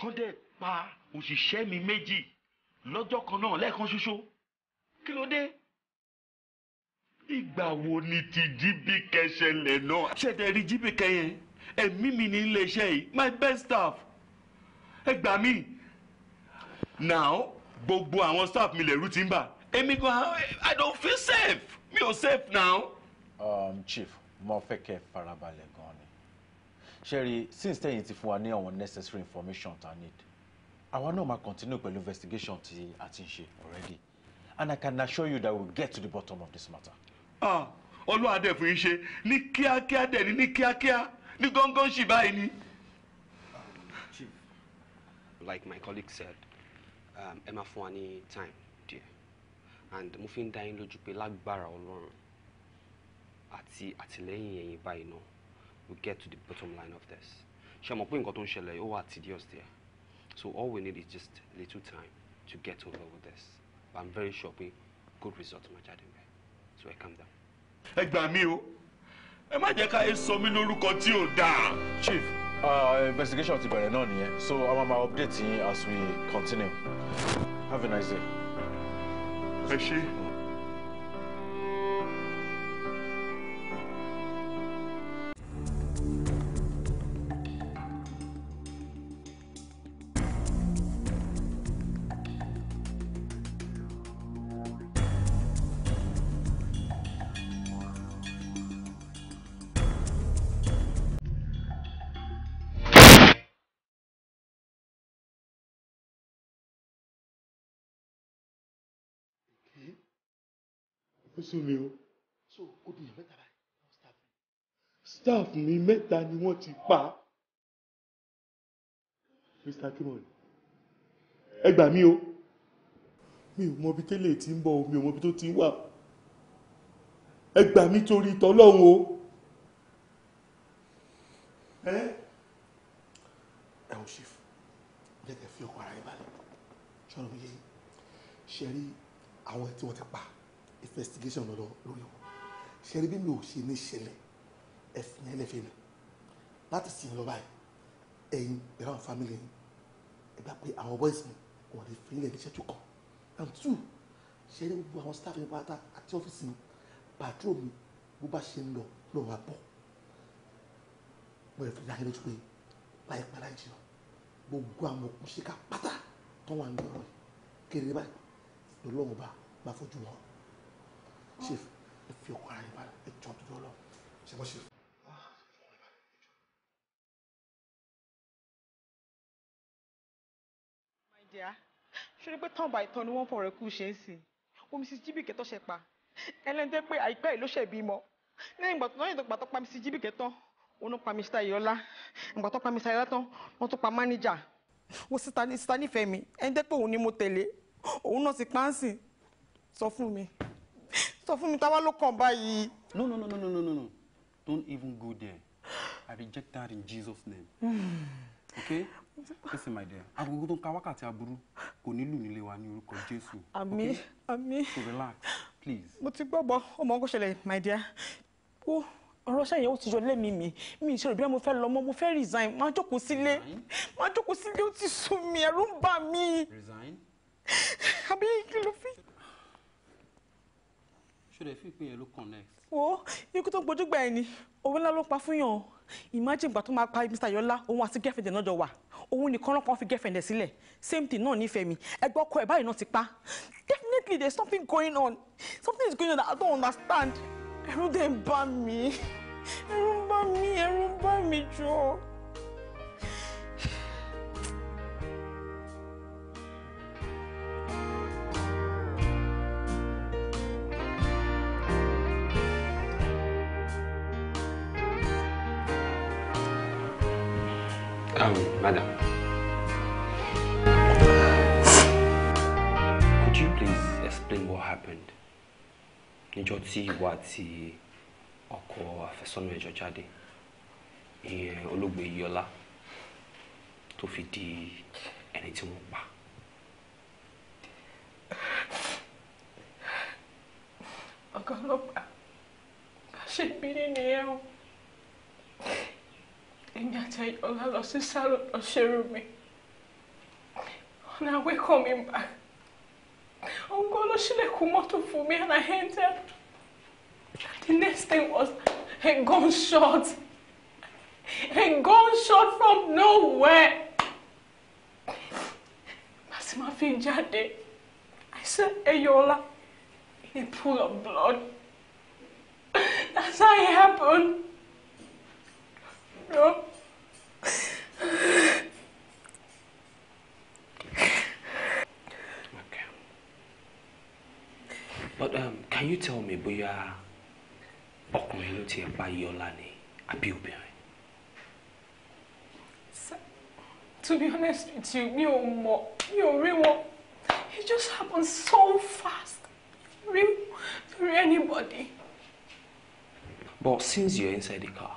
kọ́ndẹ̀ pa òṣìṣẹ́ mi méjì lọ́jọ́ kan náà lẹ́ẹ̀kan ṣoṣo kí ló dé. ìgbà wo ni ti jíbìkẹ́ ṣẹlẹ̀ náà. ṣẹ̀dẹ̀ rí jíbìkẹ́ yẹn ẹ̀mí mi ní iléeṣẹ́ yìí my best staff ẹ gbà mí. now gbogbo àwọn staff mi lẹ̀rú ti ń bà èmi gan i don't feel safe mi ò safe now. Um, chief mo fẹ́ kẹ́ farabalẹ̀ Sherry, since tẹ́yìn ti fún wa ní àwọn necessary information ta need àwa náà máa continue pẹ̀lú investigation tí a ti ń ṣe already and I can assure you that we will get to the bottom of this matter. olúwadẹ fún iṣẹ́ ní kíákíá dẹ̀ ní ní kíákíá ní gángan ṣì báyìí ni. Chief, like my colleague said um, ẹ máa fún wa ní time díẹ̀ and mo fi ń dá yín lójú pé lágbára Ọlọ́run àti àtìlẹ́yìn ẹ̀yin báyìí náà we get to the bottom line of this ṣe mọ̀ pé nǹkan tó ń ṣẹlẹ̀ ó wà tedious there so all we need is just little time to get over with this but i'm very sure pé good result ma jáde nbẹ so I calm down. ẹ gbà mí o ẹ má jẹ́ ká ẹ sọ mí lórúkọ tí ò dáa. chief uh, investigation ti bẹ̀rẹ̀ náà nìyẹn so I'm máa ma update yín as we continue have a nice day. ẹ ṣé. Mm -hmm. ó sún mi o so ó di ìyàn mẹ́ta báyìí wọ́n staff mi staff mi mẹ́ta ni wọ́n ti pa Mr. Kimon ẹ gbà mí o mi ò mọ ibi tẹ́lẹ̀ tí ń bọ̀ o mi ò mọ ibi tó ti ń wà ẹ gbà mí torí tọ́lọ́run o ẹ ò ṣe fún jẹ́ kẹ́ fi ọkọ̀ ara yín balẹ̀ ṣọ́nà mi yé ṣe rí àwọn tí wọ́n ti pa investigation lọ́dọ̀ lórí wọn ṣẹ́rí bí mi ò ṣe ní ṣẹlẹ̀ ẹ̀sìn ẹlẹ́fẹ̀ẹ́ mi láti sìn lọ báyìí ẹ̀yin pẹ̀lú àwọn yìí ẹ pé àwọn boys mi wọ́n lè fi ilẹ̀ níṣẹ́ tó kàn and two ṣẹ́rí gbogbo àwọn staff mi pátá àti ọ́fíìsì mi pàtró mi bó bá ṣe ń lọ lọ́wọ́ àbọ̀ mo lè fi dáhẹ́ lójú pé láìpẹ́ láì jìnnà gbogbo àwọn òkú ṣe ká pátá tó wà ń lọ́rọ̀ yìí kéré báyìí lọ́wọ́ bá máa fojú wọn chief ẹ fi ọkọ ara yín balẹ̀ jọ dúdú ọlọ́run ṣe mọ́ chief. my dear ṣé ní pé tán bá ìtàn ni wọ́n fọ̀rọ̀ kú ṣe ń sìn omi sí jíbìkẹ́ tó ṣe pa ẹlẹ́dẹ́ pé àìpẹ́ yìí ló ṣẹ̀ bímọ lẹ́yìn ìgbà tó lọ́yìn ìgbà tó pa mi sí jíbìkẹ́ tán òun ló pa mi síta ìyọlá ìgbà tó pa mi síta ìyọlá tán wọ́n tó pa mánéjà wo síta nífẹ̀ẹ́ mi ẹ̀ńdẹ́ pé òun ni mo tẹ̀lé òun náà ti pa á sìn sọ fún mi sọ fún mi táwa ló kàn báyìí. no no no no no no no don't even go there i reject that in jesus name okay listen my dear agogo tó ń ka wákàtí aburú kò ní lù nílé wa ní orúkọ jésù àmín àmín so relax please. mo ti gbọ́gbọ́ ọmọ ọgọ́ ṣẹlẹ̀ my dear wo ọ̀rọ̀ sẹ́yìn ó ti yọ lẹ́mìí mi mi ìṣòro bí mo fẹ́ lọ mọ́ mo fẹ́ resign máa jókòó sílé máa jókòó sílé ó ti sùn mí ẹ̀rù ń bà mí àbí kí ló fi ṣọlẹ fi pé yẹn ló connect. wo ikú tó ń gbojú gbà ẹ ni òun ńlá ló pa fún yàn o imagine ìgbà tó máa pa Mr. Yọlá òun àti girlfriend náà jọ wà òun nìkan náà kàn fi girlfriend ẹ sílẹ̀ same thing náà nífẹ̀ẹ́ mi ẹgbẹ́ ọkọ ẹ̀ báyìí náà ti pa definitely there is something going on something is going on that I don't understand ẹ̀rù dẹ̀ ń bà mí ẹ̀rù ń bà mí ẹ̀rù ń bà mí jọ. Madam. Could you please explain what happened? Níjọ́ tí ìwà àti ọkọ àfẹ́sọ́nà ẹ̀jọ́ jáde, ìyẹn olóògbé Yọlá tó fi di ẹni tí wọ́n pa. Ọ̀gá ọlọ́pàá, bá ṣe bí nínú ẹ̀ o èmi àti Ayọ̀lá lọ sí salon lọ ṣerú mi on our way coming back ọ̀ngọ́ ló ṣílẹ̀kùn mọ́tò fún mi and I entered the next thing was a gunshot a gunshot from nowhere Màsímà fi jáde I said Ayọ̀lá in a pool of blood that's how it happened. No. Okay. But um, can you tell me bóyá ọkùnrin ló ti ẹ̀ pa yola ni àbí obìnrin? to be honest with you, mi ò mọ̀, mi ò rí wọn. It just happened so fast. Real, to anybody. But since you're inside the car,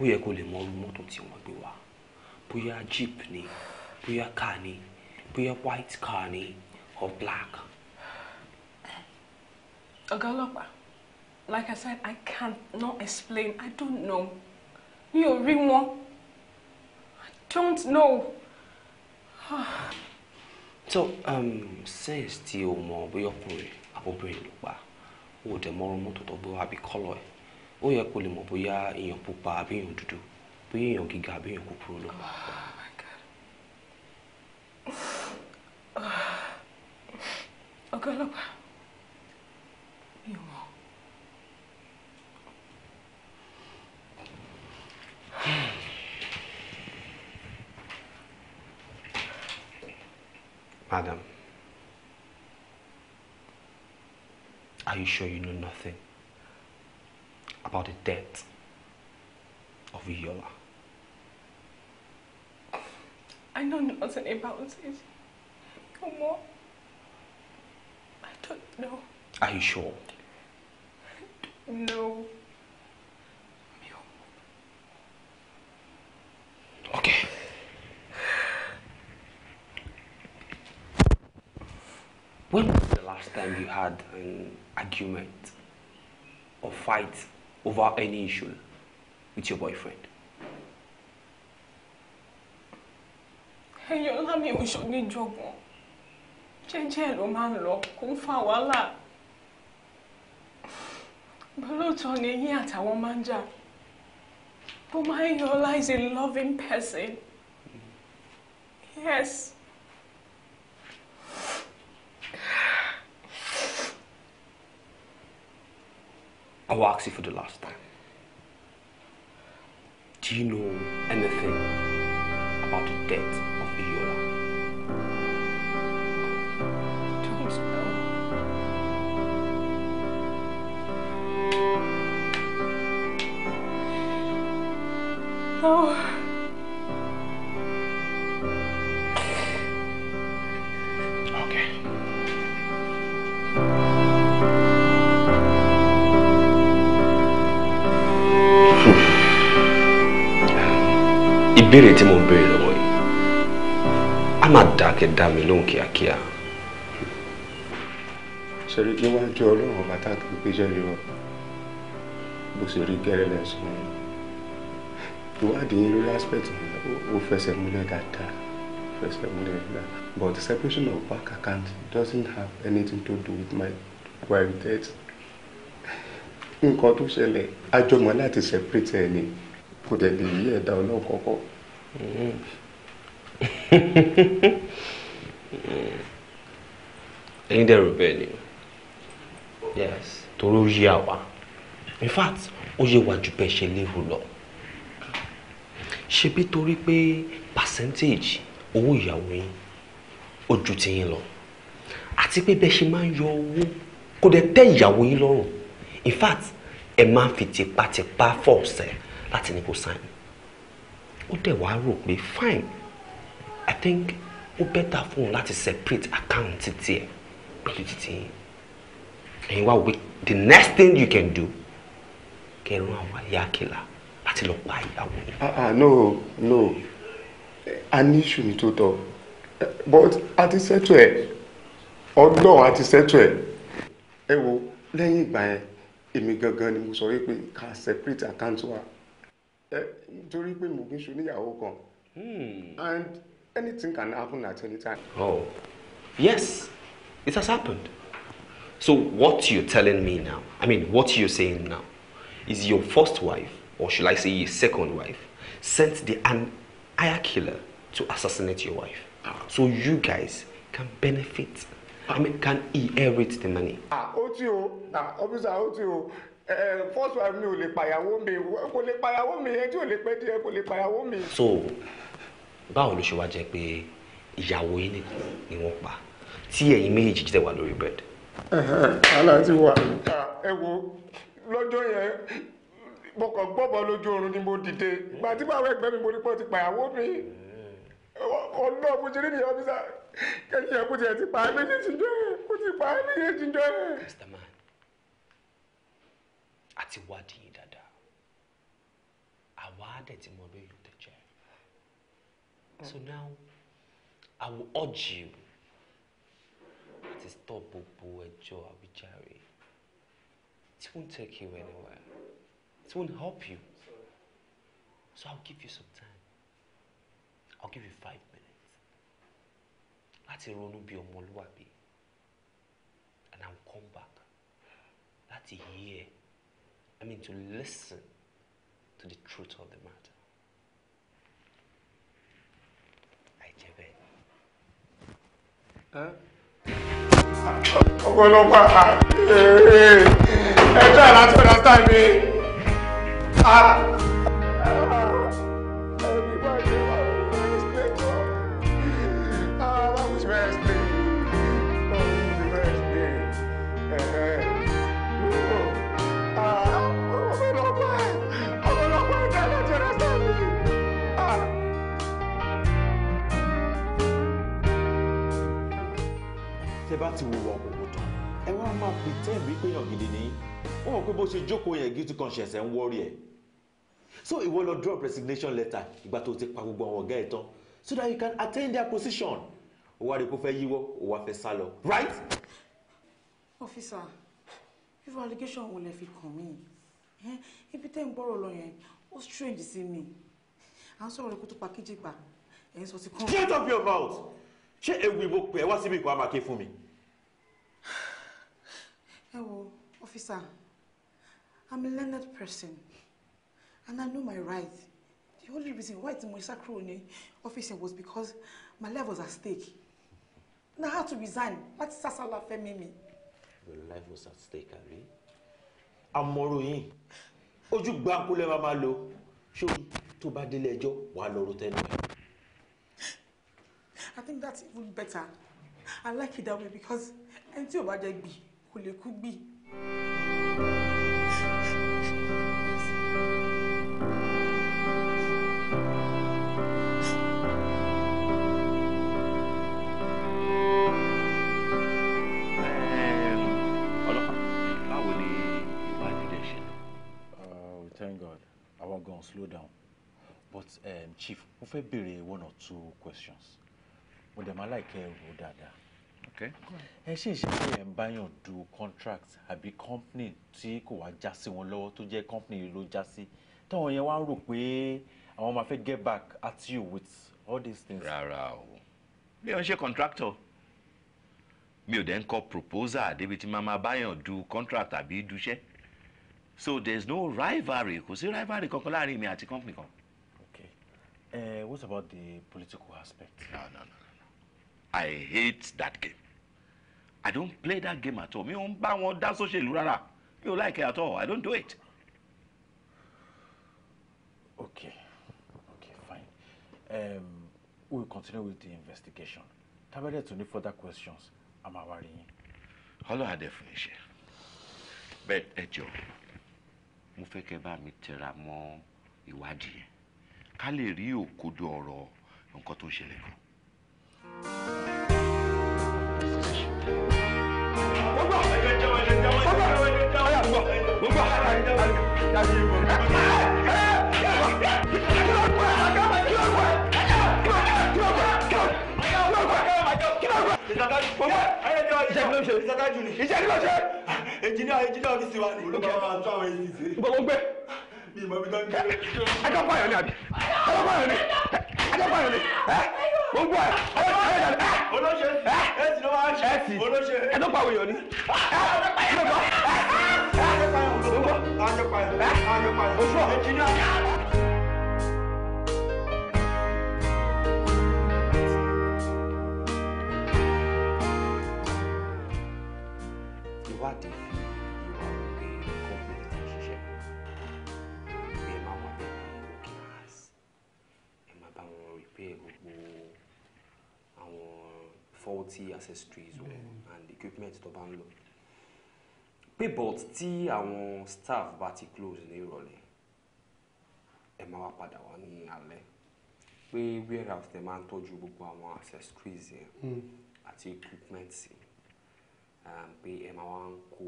ó yẹ kó lè mọ irú mọ́tò tí wọ́n gbé wá bóyá jeep ni bóyá car ni bóyá white car ni or black. ọ̀gá ọlọ́pàá like I said I can't not explain I don't know mi ò rí wọn I don't know. so um, since tí o mọ bóyá ọkùnrin àbóbìnrin ló pa o ò dẹ̀ mọ irú mọ́tò tó gbé wá àbí kọ́lọ̀ ẹ̀ ó yẹ kó lè mọ̀ bóyá èèyàn pupa àbí èèyàn dúdú bóyá èèyàn gíga àbí èèyàn kúkúrú ló wà. Oh ọ̀gá mi ò mọ̀. Madam, are you sure you know nothing? about the death of Yola. I know nothing about it. Come on. I don't know. Are you sure? No. Okay. When was the last time you had an argument or fight over any issue with your boyfriend. ẹyọ ńlá mi ò ṣoníjọgbọn jẹ́jẹ́ ló máa ń lọ kó ń fa wàhálà bọlọtọ ni eyín àtàwọn máa ń jà bó máa ń is a loving person yes. I will ask you for the last time. Do you know anything about the death of Iola? no. No. ìbéèrè tí mo ń béèrè lọ́wọ́ yìí á máa dákẹ́ dá mi lóhùn kíákíá. sẹ́rí níwájú ọlọ́run bàtà kì í péjọ irọ́ bó ṣe rí gẹ́rẹ́ lẹ́sùn ìwádìí lórí aspect ó fẹsẹ̀ múlẹ̀ dáadáa fẹsẹ̀ múlẹ̀ dáadáa but the separation of bank account doesn't have anything to do with my wife death nǹkan tó ṣẹlẹ̀ a jọ mọ̀ láti separate ẹ̀ ni kò dẹ̀ bí ẹ̀dá ọlọ́run kọ́kọ́. ẹ̀yin dẹ̀ rò ni yes torí ó àwa in fact ó yé wa ju bẹ́ẹ̀ ṣe lérò lọ ṣebí torí pé percentage owó ìyàwó yín ó ju tiyín lọ àti pé bẹ́ẹ̀ ṣe máa ń yọ owó kò dẹ̀ tẹ́ ìyàwó yín lọ́rùn in fact ẹ máa ń fi tipátipá fọ̀ ọ̀sẹ̀ láti ní kó sign ó dẹ̀ wá rò pé fine i think ó better fún un láti separate account tiẹ̀ pẹ̀lú títí ẹ̀yin wá wí the next thing you can do kẹrun àwọn ayákẹ́lá láti lọ pa ìyàwó yẹn. ah ah no no a ní ìṣù ní tó tọ́ but a ti ṣètò ẹ̀ ọdún a ti ṣètò ẹ̀ ẹ wo lẹ́yìn ìgbà yẹn èmi gangan ni mo sọ wípé ká separate account wa nítorí pé mo kì í ṣoníyàwó kan hmm. and anything can happen at any time. oh yes it has happened so what you're telling me now i mean what you're saying now is your first wife or should i say your second wife sent the an aya killer to assassinate your wife ah. so you guys can benefit i ah. mean can inherit the money. ah o ti o ah officer o ti o. Eh, eh, first wife mi ò lè pàyàwó mi kò lè pàyàwó mi ẹni ò lè pẹ́ díẹ̀ kò lè pàyàwó mi. so báwo ló ṣe wá jẹ́ pé ìyàwó yín nìkan ni wọ́n pa tí ẹ̀yin méjèèjì jẹ́ wà lórí bed. àlá ti wà. ẹ wo lọ́jọ́ yẹn mo kàn gbọ́bọ̀ lójú oorun ni mo dìde ìgbà tí báwo ẹgbẹ́ mi mo rí pọ́ ti pàyàwó mi ọlọ́ọ̀ mo ṣe rí nìyẹn ọ́fíìsà kẹ́kẹ́ yẹn kó tiẹ̀ ti pa á méjèèjì jọ́ kó ti pa á méjèèjì jọ́ àti wádìí yín dáadáa àwa á dẹ̀ ti mọ bí yóò tẹ̀ so mm. now I will urge you to stop gbogbo ẹjọ́ àwíjàre it won't take you anywhere it won't help you so I will give you some time I will give you five minutes láti ronú bí ọmọlúwàbí and I will come back láti hear. I mean, to listen to the truth of the matter. Huh? Hey, I àìjẹ́bẹ́. ọ̀pọ̀lọpọ̀ ẹ̀ẹ́dẹ́gbẹ̀rún láti ọ̀dà me. Ah. máa pretend wípé èèyàn gidi ni wọ́n mọ̀ pé bó ṣe jókòó yẹn guilty conscience ẹ̀ ń wọ́rí ẹ̀ so ìwọ lọ drop resignation letter ìgbà tó ti pa gbogbo àwọn ọ̀gá ẹ̀ tán so that you can attain their position ó wá rí kó fẹ́ yíwọ́ ó wá fẹ́ sá lọ right. officer if allegation wo lẹ fi kàn mí ibi tẹ́ ń bọ̀rọ̀ lọ yẹn ó strange sí mi à ń sọ̀rọ̀ ikú tó pa kíjì pa ẹ̀ ń sọ ti kàn. shut up your mouth ṣé ewu ìbò pẹ̀ wá síbi ìkọ́ àmàké fún mi. Hello, officer i'm a learned person and i know my rights the only reason why tí Moisa ṣá officer, was because my life was at stake I had to resign láti sásálà fẹ́ mímì. your life was at stake àbí àmọ́rò yìí ojú gbáǹkú lẹ́ máa máa lo ṣóyí tó bá délé ẹjọ́ wàá lọ́rọ̀ tẹnu I think that's even better. I like it that way because ẹni tí ò bá kò lè kú gbì. Oh, thank God. I won't go on slow down. But um, Chief, mo fẹ́ béèrè one or two questions. Mo dẹ̀ máa láìkẹ́ ro dáadáa ẹ ṣe ìṣẹ̀lẹ̀ ẹ̀ ń báyàn du contract àbí company tí kò wá já sí wọn lọ́wọ́ tó jẹ́ company ló já sí táwọn yẹn wá rò pé àwọn máa fẹ́ get back at you with all these things. rárá o mi ò ń ṣe contractor mi ò dẹ̀ ń kọ proposal débi tí màá máa báyàn du contract àbí duṣẹ́ so there is no rivalry kò sí rivalry kankan láàrin mi àti company kan. okay uh, what about the political aspect. no no no I hate that game. I don't play that game at all. Mi ò ń bá wọn dá sóṣèlú rárá. Mi ò like it at all. I don't do it. Okay. Okay, fine. Um, we will continue with the investigation. Tabede to ní further questions. I'm aware yín. Ọlọ́run adé fún iṣẹ́. Bẹ́ẹ̀ ẹ jọ, mo fẹ́ kẹ́ bá mi tẹra mọ́ ìwádìí yẹn. Ká lè rí òkodo ọ̀rọ̀ nǹkan tó ń ṣẹlẹ̀ gan iṣẹ́ nígbà ṣe. ẹnjìníà ẹnjìníà ọ́fíìsì wa ni. olùkọ́ máa tún àwọn èyí sí. gbogbo gbé. mi ìmọ̀ mi tán gbé. ẹjọ́ báyọ̀ ni àbí ẹjọ́ báyọ̀ ni ẹjọ́ báyọ̀ ni gbogbo ẹ ẹ ẹ ẹ ẹ ti ló máa ṣe ẹ ti olóṣè ẹ tó pa òyìnbó ni ẹ ló pa ẹ ló pa gbogbo ẹ ló pa ẹ ló pa ẹ oṣù ẹ jìnnà. faulty accessories o and equipment tó bá ń lò but tí àwọn staff bá ti close ní ìrọ̀lẹ́ ẹ máa wá padà wá ní alẹ́ pé warehouse tẹ máa ń gbogbo àwọn accessories yẹn hmm. àti equipment pé ẹ máa wá ń kó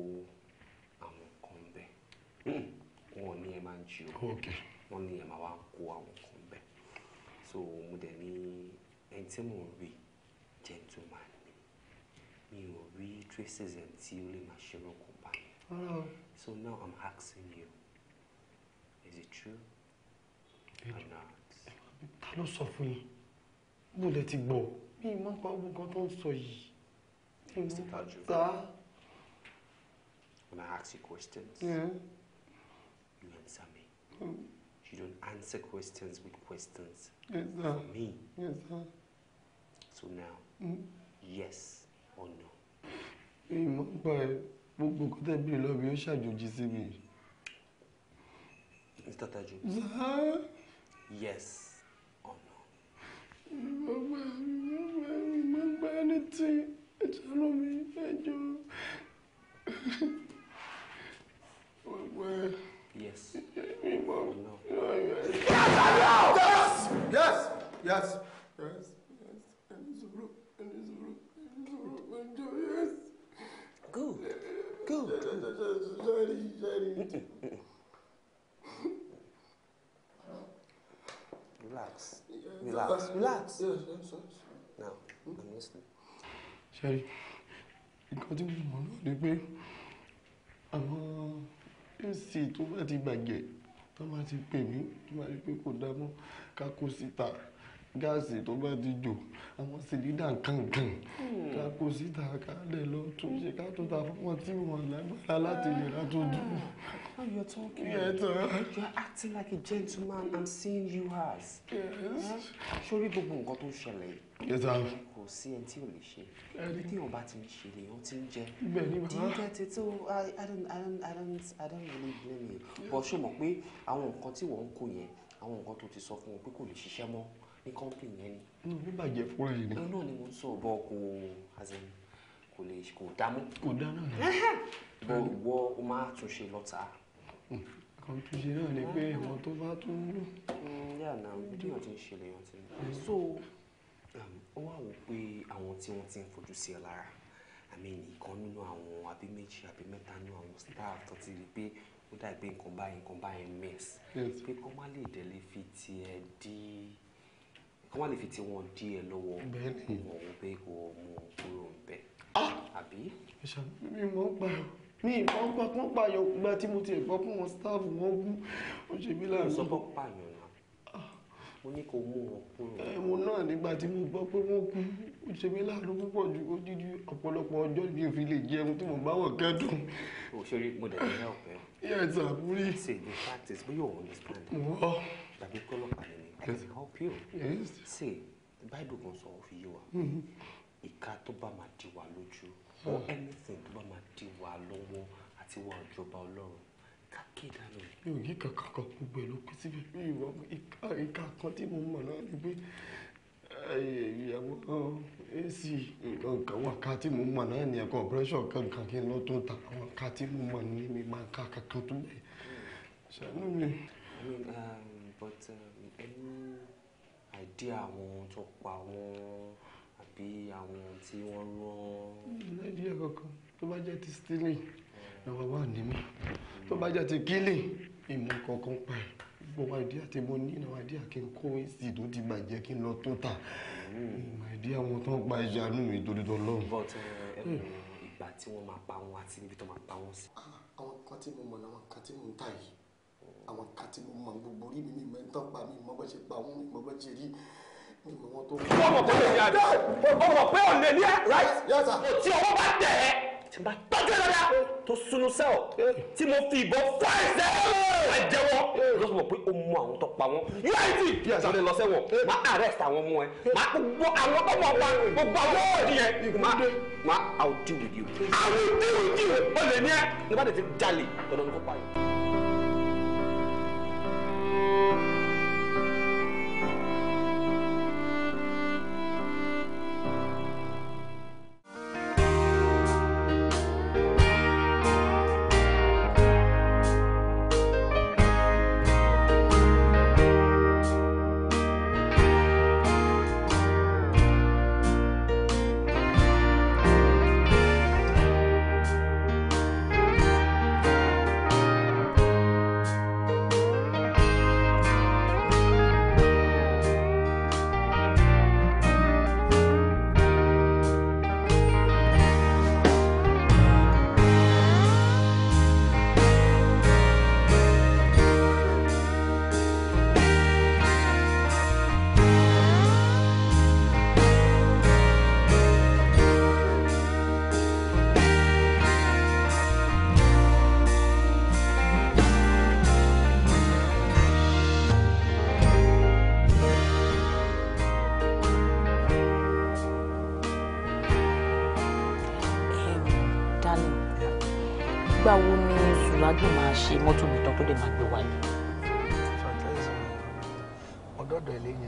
àwọn kan bẹ́ẹ̀ hmm. wọn ní ẹ máa ń jí o wọn ní ẹ máa wá ń kó àwọn kan bẹ́ẹ̀ so mo dẹ̀ ní ẹni tí mò ń rí gentleman. Me ò rí traces and tí ó my máa company. orúkọ So now I'm asking you is it true or not? ta ló sọ fún yín mo lè ti gbọ́ mi ì máa ń pa owó kan tó ń sọ yìí mi ì máa ń When I ask you questions, yeah. you answer me. Mm. You don't answer questions with questions yes, for me. Yes, sir. So now, mm. yes ọ̀nà. ìmọ̀ ń pa ẹ gbogbo nǹkan tẹ́ bíi lọ́ọ̀bì ó ṣàjòjì sí mi. Mr. Taju. yes ọ̀nà. ìmọ̀ ń pa ìmọ̀ ń pa ẹni tí ẹ̀jẹ̀ ló mi ẹjọ́. Yes. Yes. Yes. Yes. ẹni ṣiṣẹ́ ni. relax relax relax now i'm listening. ṣẹ́rí nǹkan tí mo mọ̀ náà ni pé àwọn ac tó bá ti bàjẹ́ tó bá ti pè mí tó bá ti pé kò dá mọ́ ká kó síta gáàsì tó bá ti jò àwọn sìlídà kankan hmm. ká kó síta ká lè lọ tún ṣe ká tó ta fún tí wọn lágbára láti lè ra tó dùn. how oh, you talking Yes, you are acting like a gentleman i'm seeing you as. Hmm? sórí gbogbo nǹkan tó ṣẹlẹ̀ kò sí ẹni tí ò lè ṣe tí wọn bá ti ń ṣe lè wọn ti ń jẹ do you get it so i i don't i don't i don't i don't really blame you but ṣé o mọ̀ pé àwọn nǹkan tí wọ́n ń kó yẹn àwọn nǹkan tó ti sọ fún wọn pé kò lè ṣiṣẹ́ mọ́ ní company yẹn ni. ní bàjẹ́ fúnra yìí ni. inú náà ni mo ń sọ bọ́ kò kò lè kò dámú. kò dáná yẹn. bọ́ ìwọ o máa túnṣe lọ́ta. Hmm. kan túnṣe náà ni pé àwọn tó bá tún ń lò. Hmm, yà náà bí wọ́n ti ń ṣe lèèyàn ti ń hmm. so um, ó wà wò pé àwọn tí wọ́n ti ń fojú sí ẹ lára àmì nìkan nínú àwọn àbí méjì àbí mẹ́ta nínú àwọn staff tó ti rí pé ó dàbí nǹkan báyìí nǹkan báyìí mess pé kó má lè délé fi tiẹ̀ dí kí wọ́n lè fi tiwọn dí ẹ lọ́wọ́ mọ̀ wọ́n pé kò mú kúrò ń bẹ̀. Ah! àbí. mi mọ̀ pa mi ìbọn gbà pọ́n pààyàn gba tí mo ti ẹ̀gbọ́n fún wọn sítáàfù wọn gún ó ṣe mí láàrin. mo sọ fún pààyàn náà ah! mo ní kó mú wọn kúrò. ẹ̀wọ̀n náà nígbà tí mo gbọ́ pé wọ́n kú ó láàrin púpọ̀ ju ojújú ọ̀pọ̀lọpọ̀ ọjọ́ mi ò fi lè jẹun tí mo bá wọ̀ kẹ́dùn. òṣèré mo dẹ̀ ní help ẹ. yes I can help you. Yes. See, the Bible kan sọ fi yé wa. Mm-hmm. Ìka tó bá máa di wa lójú ah. or anything tó bá máa di wa lọ́wọ́ àti wa ìjọba Ọlọ́run ká ké dànù. Mi ò ní kankan kan gbogbo ẹ̀ ló kú síbẹ̀. Mi ìwà ìka ìka kan tí mo mọ̀ náà ni pé eh, ìyàwó ac nǹkan wà ká tí mo mọ̀ náà ni ẹ̀kọ́ operation kankan kí n lọ tó ta àwọn ká tí mo mọ̀ ní mi máa ká kankan tó bẹ̀. Hmm. Ṣàánú mi. I mean, um, but. Uh, ní idea àwọn tó pa wọn àbí àwọn tí wọ́n rán. lẹ́dí ẹ̀ kankan tó bá jẹ́ ti stealing number one ni mí tó bá jẹ́ ti killing ìmọ̀ kankan pa ẹ̀ gbogbo idea tí mo ní àwọn idea kí n kó èsì tó ti bàjẹ́ kí n lọ tó tà ìmọ̀ idea àwọn tó ń pa ẹja nù mí torí tó lọ́rùn. but eh, ìgbà tí wọ́n máa pa wọn àti níbi tó máa pa wọn sí. Ah, àwọn kan tí mo mọ̀ náà àwọn kan tí mo ń tà yìí àwọn ká tí mo mọ gbogbo orí mi mi mọ ẹntàn pa mi mọ bá ṣe pa wọn mi mọ bá ṣe rí mi mọ wọn tó. bọ́ọ̀mù tó lè yá mi. bọ́ọ̀mù pé ò lè ní ẹ. right yes sir. tí owó bá tẹ̀ ẹ́ tí n bá tọ́jú ẹ̀dá tó sunu sẹ́ọ̀ tí mo fi ìbọn fọ́ ẹ̀sẹ̀ àjẹwọ́ lọ́sọ̀ mọ̀ pé ó mú àwọn tó pa wọn uid ló lè lọ sẹ́wọ̀n má arrest àwọn ọmọ ẹ má gbogbo àwọn tó mọ̀ pa gbogbo àwọn òdì yẹn má má I will deal with you I will deal with you ó lè ní ẹ ní bá tètè jalè dandan ní kó pa yẹn. Thank you.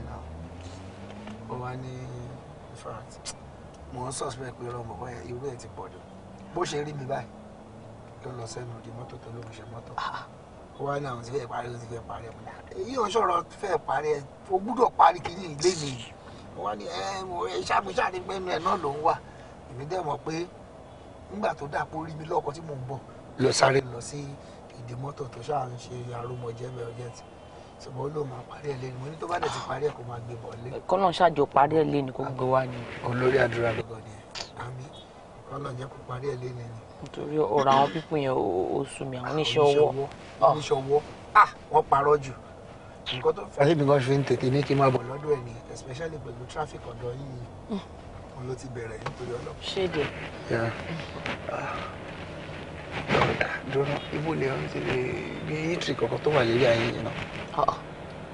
náà wọ́n wá ní fact mo ń suspect pé ọmọ bọ́yẹ irú ẹ̀ ti pọ̀ jù bó ṣe rí mi báyìí ló lọ sẹ́nu di mọ́tò tó lóun ṣe mọ́tò ó wá ní àwọn ti fẹ́ parí ó ti fẹ́ parí ẹ̀mọ́ èyí ò ṣọ̀rọ̀ fẹ́ parí ẹ̀ o gbúdọ̀ parí kí ilé mi mo wá ní ẹ mo ẹ ṣàmúṣàrí pẹ́nu ẹ̀ náà ló ń wà èmi dẹ̀ mọ̀ pé nígbà tó dà pé ó rí mi lọ́kọ̀ tí mò ń bọ̀ lọ sáré lọ sí ìdí mọ́tò tó ṣáà ń ọjẹ́ ti ṣùgbọ́n ó lóun máa parí ẹ̀ lẹ́nu mo ní tó bá dẹ̀ ti parí ẹ̀ kó máa gbé bọ̀ lé. kọ́nà ṣáàjọ parí ẹ̀ lẹ́nu kó gbé wá ni. olórí àdúrà lọ́gọ́ ni àmì kọ́nà jẹ́ kó parí ẹ̀ lẹ́nu ni. nítorí ọ̀rọ̀ àwọn pípín yẹn ó sùn mí àwọn oníṣẹ́ ọwọ́. oníṣẹ́ ah! ọwọ́ wọ́n parọ́ jù nǹkan tó fà á síbi kan ṣe ń tètè ní kí n máa bọ̀ lọ́dọ̀ ẹ̀ ni especially pẹ̀lú traffic ọ̀dọ̀ yìí wọn hmm. ló ti bẹ̀rẹ̀ nítorí ọlọ́pàá. ṣéde. Ah. dúró ibo lè rántí lè gbé yìí tìrì kọ̀ọ̀kan tó wà lórí ayé yìí náà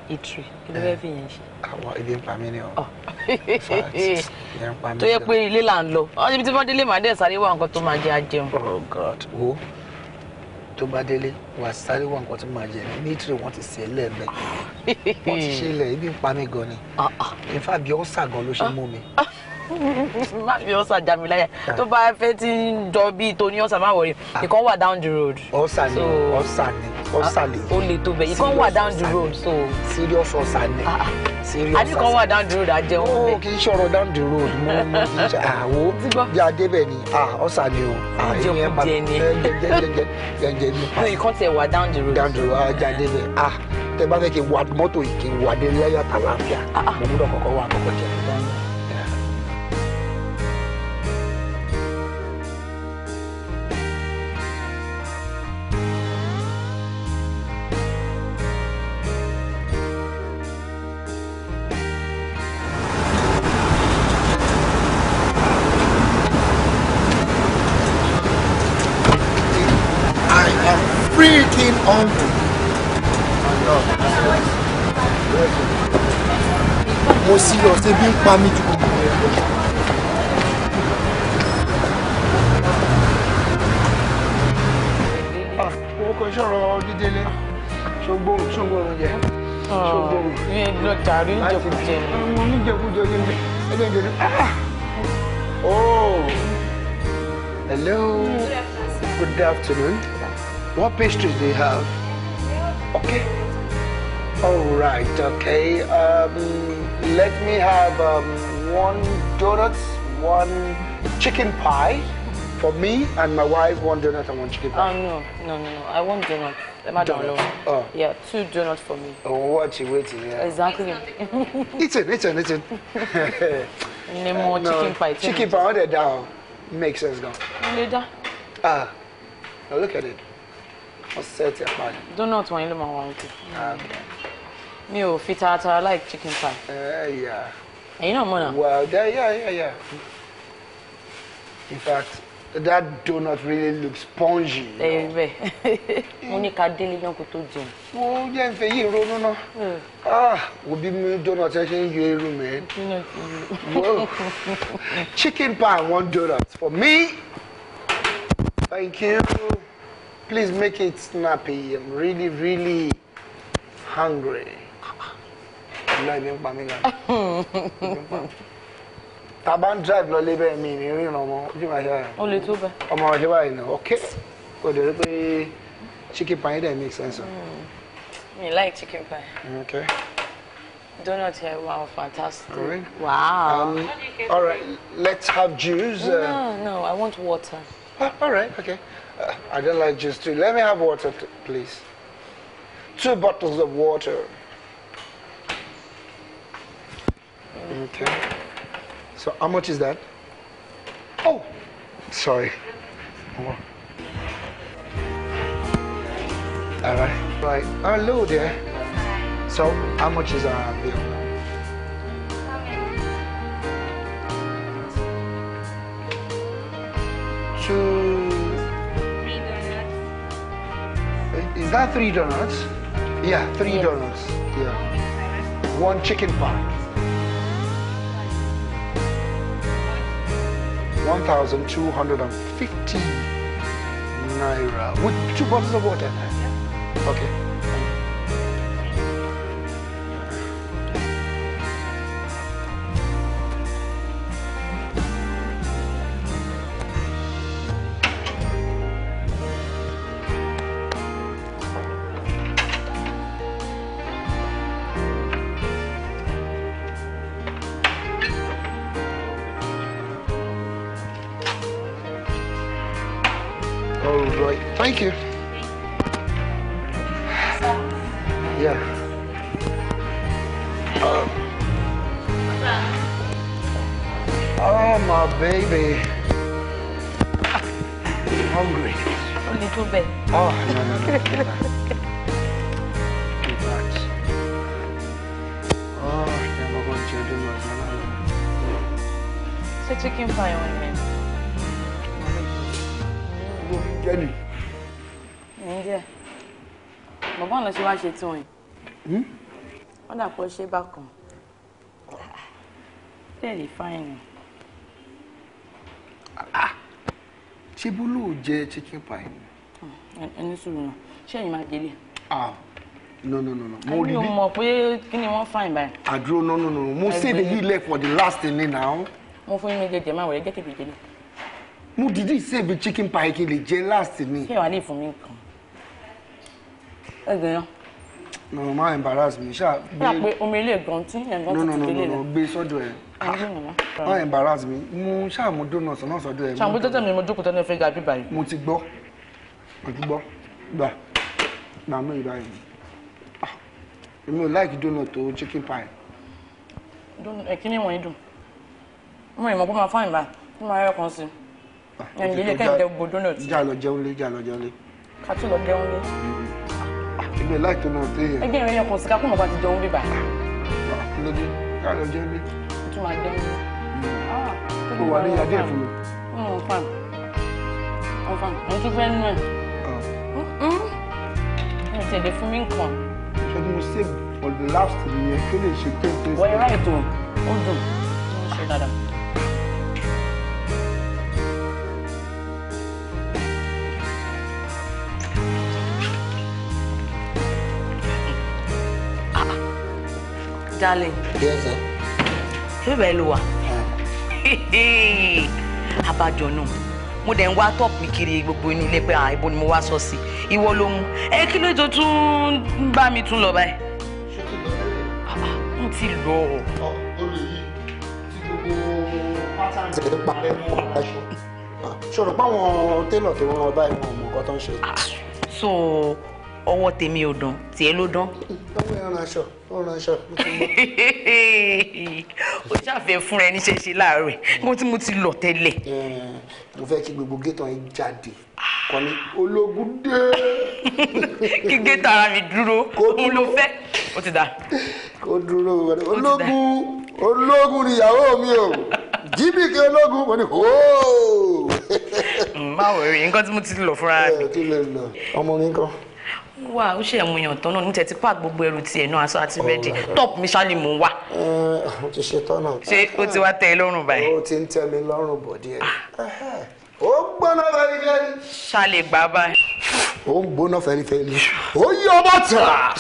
ìtìrì oh, kí ló fẹ́ eh, fi yẹn ṣe. àwọn ilé ń pa mí ni o. Oh. tó yẹ pé ilé là ń lọ ọjọ́ oh, ibi tí wọ́n délé màá dẹ̀ sáré wá nǹkan tó máa jẹ ajẹun. oh god wo tó bá délé wà sáré wá nǹkan tó máa jẹ ní ìtìrì wọ́n ti ṣe lẹ́ẹ̀mẹ́ wọ́n ti ṣe ilẹ̀ ibi ń pa mí gan ni ah, ah. in fact bí ọ́sà gan ló ṣe mú mi. Ah, má fi ọ̀sà já mi láyà ah. tó bá fẹ́ ti ń jọ bíi tóní ọ̀sà má wọ̀rí ah. ìkan wà down the road. ọ̀sà ni ọ̀sà ni ah, ọ̀sà ni. o lè tó bẹ̀ ìkan wà down the road so. serious ọ̀sà ni serious ọ̀sà ni. àdìkan wà down the road àjẹun bẹ́ẹ̀. ó kì í ṣọ̀rọ̀ down the road mo àwo bí adébẹ̀ ni ọ̀sà ni o. jẹkujẹ ni jẹjẹjẹjẹ ni. no ìkan tẹ wà down the road. down the road ajá adébẹ̀ tẹ bá fẹ́ kí n wà mọ́tò yìí kí n wà dé lẹ́yìn àtàlàfíà mo gbọ́dọ̀ kọ́kọ́ wà kọ́kọ́ jẹ. mo serious ebi ń pa mí ju ah, owó kan sọ̀rọ̀ dídélé ṣògbó ṣògbó ọ̀rọ̀ jẹ́ ṣògbó ọ̀rọ̀. ní ìlú tàrí mo ní ìjẹkùjẹ ní ẹgbẹ́ ìjẹkùjẹ. Ah! oh hello good afternoon what pastries do you have okay. All right, okay. Um, let me have um, one donut, one chicken pie for me and my wife, one donut and one chicken pie. Oh, uh, no, no, no, no. I want donut. Emma donut. Oh. Yeah, two donuts for me. Oh, what you waiting? Yeah. Exactly. eating, eating, eating. Any more uh, no. chicken pie? Chicken pie, all down. Makes sense now. Later. Ah, now look at it. What's set your pie? Donut one, you know my wife. Okay. mi ò fi taratara like chicken pie. Eh, ẹ̀yin náà mọ̀ náà. well that, yeah yeah yeah in fact that donut really looks spongy. ẹ bẹ mo ní ká délé náà kó tó jẹun. mo jẹ́ ń fẹ́ yí ronú náà ah wo bí mi donut ẹ ṣe ń yọ irun mi. chicken pie and one donut for me thank you please make it snappy i'm really really hungry náà ibi ń pa mí gan ta bá ń drive lọ lé bẹ́ẹ̀ mi ní ríran ọmọ ojú máa ṣe báyìí. o lè tó bẹ́ẹ̀. ọmọ ṣe báyìí náà ok kò dé pé chicken pie dẹ̀ make sense. Hmm. mi like chicken pie. okay. Donut here, wow, fantastic. All Wow. Um, all right, let's have juice. Uh. No, no, I want water. Ah, all right, okay. Uh, I don't like juice too. Let me have water, please. Two bottles of water. Okay. So how much is that? Oh, sorry. More. All right. Right. Hello there. So how much is our uh, bill? Two. Is that three donuts? Yeah, three yes. donuts. Yeah. One chicken pie. 1,250 naira with two bottles of water. Okay. wá ṣe tún ẹ̀. wọ́n hmm? dàpọ̀ ṣe bákan. bẹ́ẹ̀ ni fáìnì. Ah, ṣé bólú ò jẹ chicken pie ni. Hmm, ẹni sùúrù náà ṣé ẹ̀yin máa délé. Ah, no no no no mo rí bí. mi ò mọ̀ pé kí ni wọ́n fàìn báyìí. àdúró no no no mo ṣèdè yìí lẹ̀ for the last thing now. mo fún mi jẹjẹ máa wọlé jẹ́ kébì jẹlé. mo dìde save chicken pie kí n lè jẹ last ni. ṣé wàá lè fún mi kan. ẹ gbìyànjú no no ma embarrass me ṣá. ó yà pé omi ilé gan tí ẹ̀gbọ́n tuntun délé rẹ̀. no no no gbé sọ́dọ̀ ẹ̀. ma embarrass me mo ṣá mo dóná sọ náà sọ́dọ̀ ẹ̀. ṣàmùjọ́ tẹ̀ mi mo jókòó tẹ́lẹ̀ fẹ́ ga bí báyìí. mo ti gbọ́ mo ti gbọ́ gbà gbà mú ìgbà yìí ah, èmi ò láìkí dóná tó chicken pie. ẹ̀kíní wọ̀nyí dùn mo ìmọ̀ pé máa fáyìn báyìí mo máa yọ kan sí i. Ah, ẹ̀yìn ilé kẹ́hìndé gbogbo dóná tì. jà lọ jẹun lé jà lọ jẹun lé. ká tún lọ jẹun lé èmi láìkí náà tẹ yẹn. ẹgbẹ́ ìrẹ́lẹ̀ kan sika kó mọ̀ bá ti jẹun bíbà. Ah, lóde káàlọ́ jẹun lé. o tún máa jẹun lé. Hmm. o ah, wà ní adé fún mi. mo mm, fàn mo fàn mo tún fẹ́ nú ẹ̀. Ah. mo tẹ̀lé fún mi nǹkan. ṣé mo ṣe for the last year kí lè ṣe pé wọ́n yẹ ráì tó o dùn mo ṣe dáadáa. darling. Yes, sir. Ṣé bẹ́ẹ̀ ló wà? Ah. Abájọ náà, mo dẹ̀ ń wá tọ́pù kiri gbogbo nílé pé àìbò ah, ni mo wá sọ sí. Ìwọ ló mú. Ẹ kí ló tó tún bá mi tún lọ báyìí? Ṣé kí lọ bẹ̀rẹ̀? Ah, mo ti lọ. Olè yìí tí gbogbo pátánì ti parẹ́ mú aṣọ. Ṣòro páwọn télọ̀ tó rán ọ báyìí wọn ò nǹkan tó ń ṣe. So ọwọ́ tèmi ò dán, tiẹ̀ ló dán. Lọ́wọ́ ẹran aṣọ ó ránṣọ mo ti mọ. o ṣàfẹ́ fúnra ẹni ṣe ṣe láàárọ̀ mo ti mo ti lọ tẹ́lẹ̀. mo fẹ́ kí gbogbo gétò yẹn jáde kọ́ ni ológun dé. kí gétò ara mi dúró òun ló fẹ́ ó ti dà. kó dúró ológun ológun níyàwó mi o jíbìkì ológun mo ní hóò. Hmm, má wọrí nǹkan tí mo ti lọ fúnra mi. ọmọ mi kan wà o ṣe ẹ̀mú yàn tán náà ní tẹ̀tí park gbogbo ẹrù tiẹ̀ náà aṣọ àti bẹ́ẹ̀dì top mi ṣáà ni mò ń wà. ó ti ṣe tán náà. ṣé ó ti wá tẹ ẹ lọ́rùn báyìí. ó ti ń tẹ mi lọ́rùn bọ̀ díẹ̀. ó gbóná fẹ́rifẹ́ri. ṣàlè gbà báyìí. ó ń gbóná fẹ́rifẹ́ri. ó yí ọmọ tà.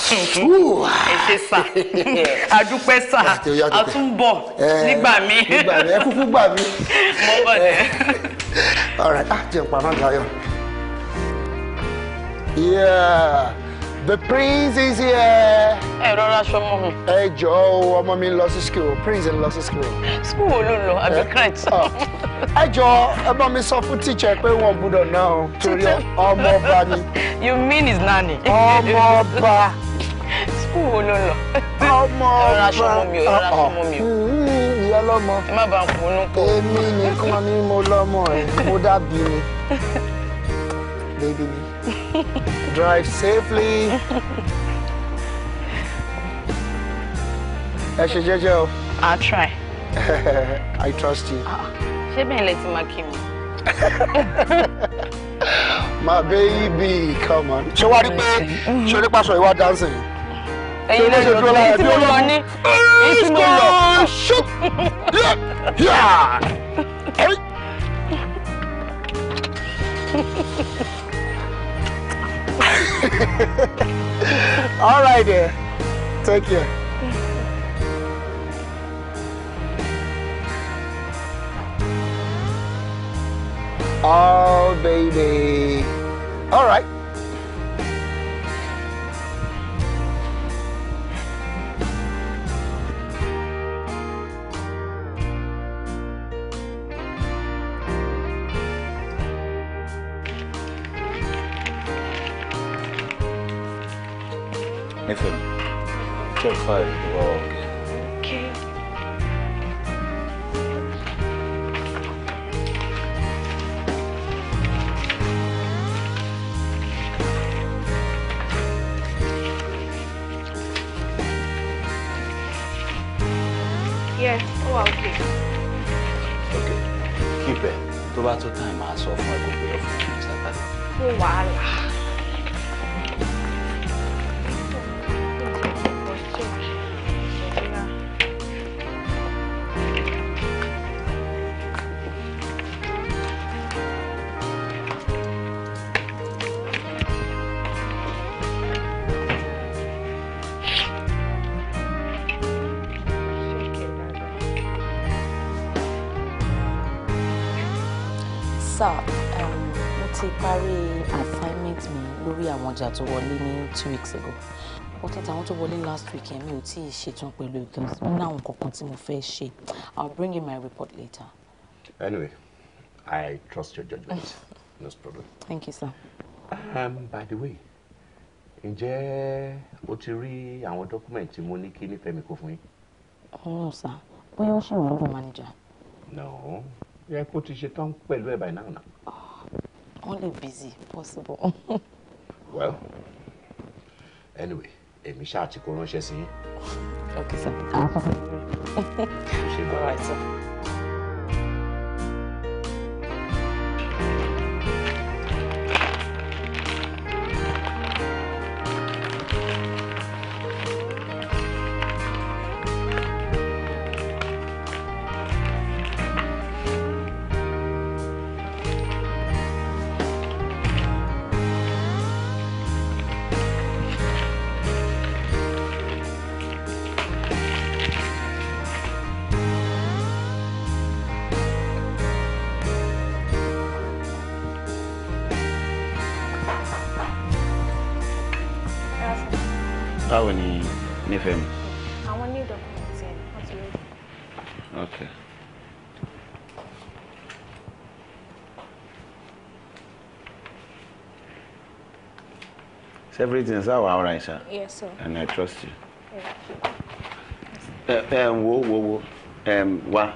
ẹ ṣe sà àdúpẹ́ sà a tún bọ̀ nígbà mi. nígbà mi ẹ kúkú gbà mí. mo bọ̀ dẹ́. ọ̀rẹ́ á jẹun pa Yeah. The prince is here. Ẹ rọra aṣọ ọmọ mi. Ẹ jọ̀ọ́ ọmọ mi lọ sí school. Prince ń lọ sí school. School wo ló lọ? Àbí crèche? Eh? Oh. Ẹ jọ̀ọ́ ẹ bá mi sọ fún teacher pé wọn gbúdọ̀ náà o torí ọmọ ọba ni. You mean his nanny? Ọmọ ọba. School wo ló lọ? Ọmọ ọba. Ẹ rọra aṣọ ọmọ mi o. Ẹ rọra aṣọ ọmọ mi o ìyá lọ́mọ. ẹ má bàa kúnú pọ̀. èmi nìkan ni mo lọ́mọ ẹ̀ mo dàbí ni. bébí mi. Drive safely. Ẹ ṣe jẹ́jẹ́ I'll try. I trust you. She been letting ti máa kí My baby, come on. She wàá rí She ṣe onípa aṣọ ìwà dancing? Ẹyin lè lọ bí ẹyin tí mo lọ ní. Ẹyin tí mo lọ. Ṣé yà yà. All right, dear. Take care. Oh, baby. All right. FM Yes, Oh, okay. Okay. Keep it. Tó bá tó time, màá sọ my ẹ kó gbé sir um, mo ti parí assignment mi lórí àwọn ọjà tó wọlé ní two weeks ago ọtí táwọn tó wọlé last week yẹn mi ò tí ì ṣetán pẹ̀lú ìkíni ó ní àwọn kankan tí mo fẹ́ ṣe I'll bring in my report later. Anyway, I trust your judgment. no problem. Thank you, sir. Um, by the way ǹjẹ́ o ti rí àwọn dọ́kúmẹ̀ntì mo ní kí nífẹ̀ẹ́ mi kó fún yín. ọ̀hún oh, sà bóyá ó ṣì wà lọ́wọ́ manager. no yẹ kó ti ṣetán pẹ̀lú ẹ̀ by now only busy possible. well anyway èmi ṣáà ti kó ránṣẹ́ sí yín. okay sir. ṣe bá wa sọ. everything is all right, sir. Yes, sir. And I trust you. Thank you. um, wo, wo, wo. Um, wa.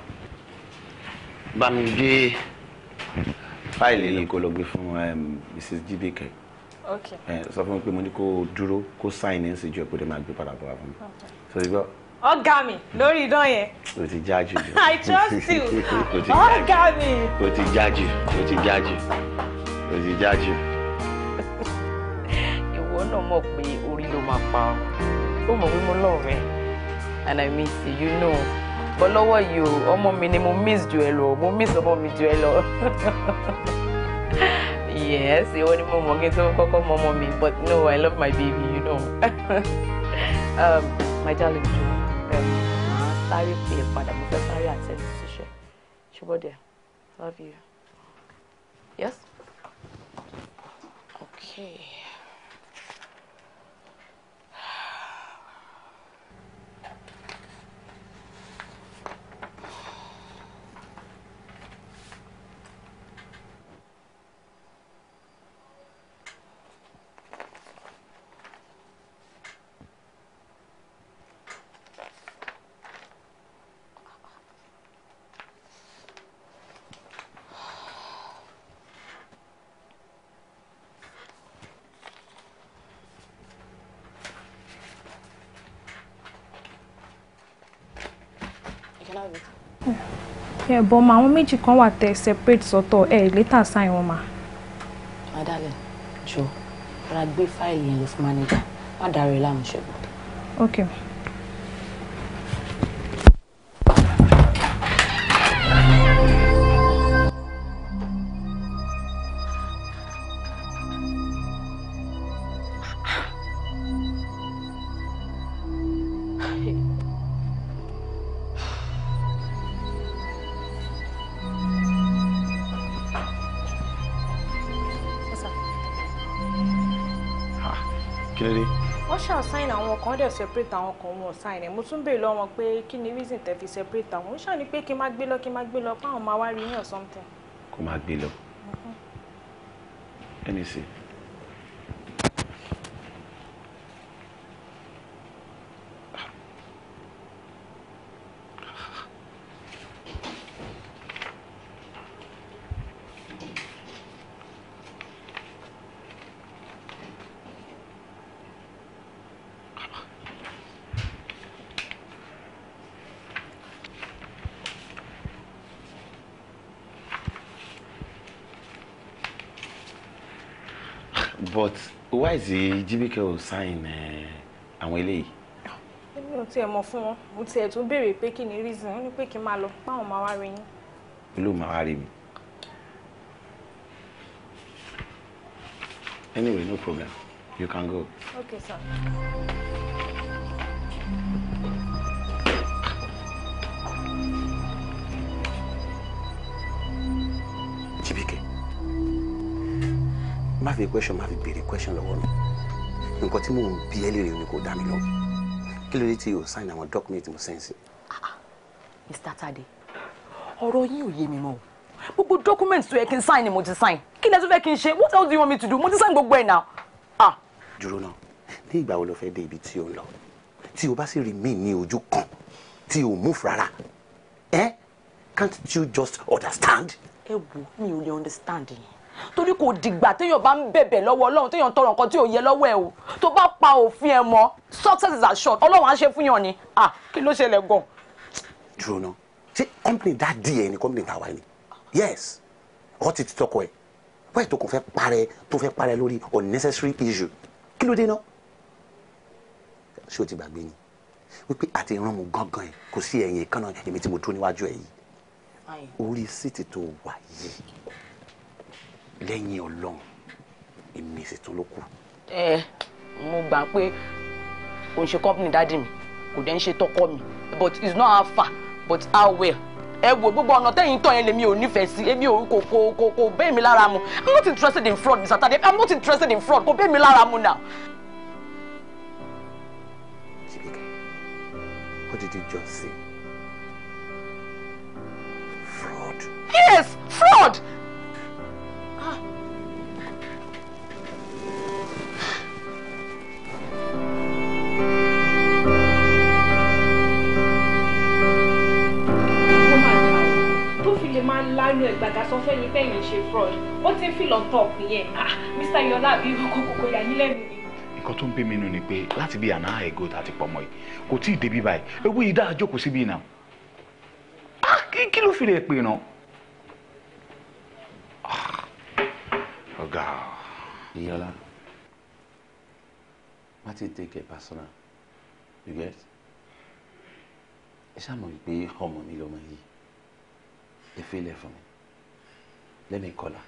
Bá mi gbé fáìlì yìí kó lọ gbé fún Mrs. GBK. Okay. Ẹ eh, sọ fún mi pé mo ní kó dúró kó sáìn ní ìsìnjú ẹ̀ pé ó dé máa gbé padà bọ̀ fún mi. So you go ọ̀gá mi lórí idán yẹn. o ti já jù. i trust you ọ̀gá mi. o ti já jù o ti já jù o ti já jù mọ̀ pé orí ló máa pa ó mọ̀ pé mo love ẹ and I miss you you know but lọ́wọ́ yìí o ọmọ mi ni mo miss jù ẹ lọ mo miss ọmọ mi jù ẹ lọ yes ìwọ ni mo mọ̀ kí n tó kọ́kọ́ mọ ọmọ mi but no I love my baby you know um, my darling jo um, màá sáré pè é padà mo fẹ́ sáré àtẹ̀lé ṣiṣẹ́ ṣùgbọ́n love you yes okay. ẹ eh, bọ́ ma àwọn méjì kan wà tẹ separate sọ́tọ̀ ẹ létà sáì wọn ma. adalẹ jọ ra gbé fáìlì yẹn lọ fún mánéjà má dàrú ẹ láàmú ṣẹgun. okay. àwọn kan dẹ̀ separate àwọn kan wọn sign ẹ̀ mo tún bèèrè lọ́wọ́ wọn pé kí ni reason tẹ́ fi separate àwọn ó ṣàní pé kí n má gbé lọ kí n má gbé lọ fáwọn máa wá rí yín something. kó má gbé lọ ẹni sè é. but why is Jíbíkẹ́ ò sign eh, àwọn eléyìí. èmi ò tiẹ̀ mọ̀ fún wọn mo tiẹ̀ tún béèrè pé kí ni reason ó ní pé kí n máa lọ páwọn máa wá rí yín. olú máa wá rí mi. anyway no problem you can go. okay sir. má fi question má fi béèrè question lọ́wọ́ mi nǹkan tí mò ń bi ẹ́ léèrè ni kò dá mi lọ kí ló dé tí o sign àwọn document mo sẹ́ǹsì. Ah, ah, Mr. Tade ọ̀rọ̀ yín ò yé mi mọ́ o gbogbo document tó yẹ kí n sign ni mo ti sign kí lẹ́sọ̀ fẹ́ kí n ṣe what else do you want me to do mo ti sign gbogbo ẹ̀ náà. Ah. dúró náà ní ìgbà wo lo fẹ́ dé ibi tí o ń lọ tí o bá sì remain ní ojú kan tí o move rárá ẹ eh? can't you just understand. ẹ wo mi ò lè understand yẹn torí kò dìgbà téèyàn bá ń bẹ̀bẹ̀ lọ́wọ́ ọlọ́run téèyàn tọrọ nǹkan tí ò yẹ lọ́wọ́ ẹ̀ o tó bá pa òfin ẹ̀ mọ́ success is assured ọlọ́run á ṣe fún yàn ni ah kí ló ṣẹlẹ̀ gan. dúró náà ṣé company dá díẹ̀ ni company tàwa ni yes ọ ti ti tọkọ ẹ wẹ́ẹ̀ tó kò fẹ́ parẹ́ tó fẹ́ parẹ́ lórí unnecessary issue kí ló dé náà ṣé o ti gbàgbé ni wípé àti ìran mu gángan ẹ kò sí ẹ̀yìn kan náà èmi tí mo dúró níwájú ẹ yìí orí síìtì tó wà yìí lẹ́yìn ọlọ́run èmi sì tún ló kù. ẹ mo gbà pé kò ń ṣe company dáàdì mi kò dẹ̀ ń ṣe tọkọ mi but it's not how far but how well ẹ wo gbogbo ọ̀nà tẹ̀yìn tọ̀ yẹn lèmi ò nífẹ̀ẹ́ sí èmi ò kò kò kò kò bẹ́ẹ̀ mi lára mu i'm not interested in fraud mr tade i'm not interested in fraud kò bẹ́ẹ̀ mi lára mu now. Chibike, what did you just say? Fraud? yes fraud. fẹ́nu ẹ̀gbàgà sọ fẹ́ yín bẹ́yìn ṣe fraud ó ti ń fìlọ̀ top yẹn ah Mr. Yola àbí kò kò yà yín lẹ́nu ni. nǹkan tó ń bí mi nù ni pé láti bí àná ẹ̀gọ́ tá a ti pọ̀ mọ́ yìí kò tí ì débi báyìí ewu yìí dáa jókòó síbi náà ah kí ló fi rẹ̀ pè náà. Ah, ọ̀gá Ìyọlá má ti take it personal you get ẹ ṣáà mọ̀ pé ọmọ mi lọmọ yìí ẹ fi lẹ̀ fún mi Let me call her.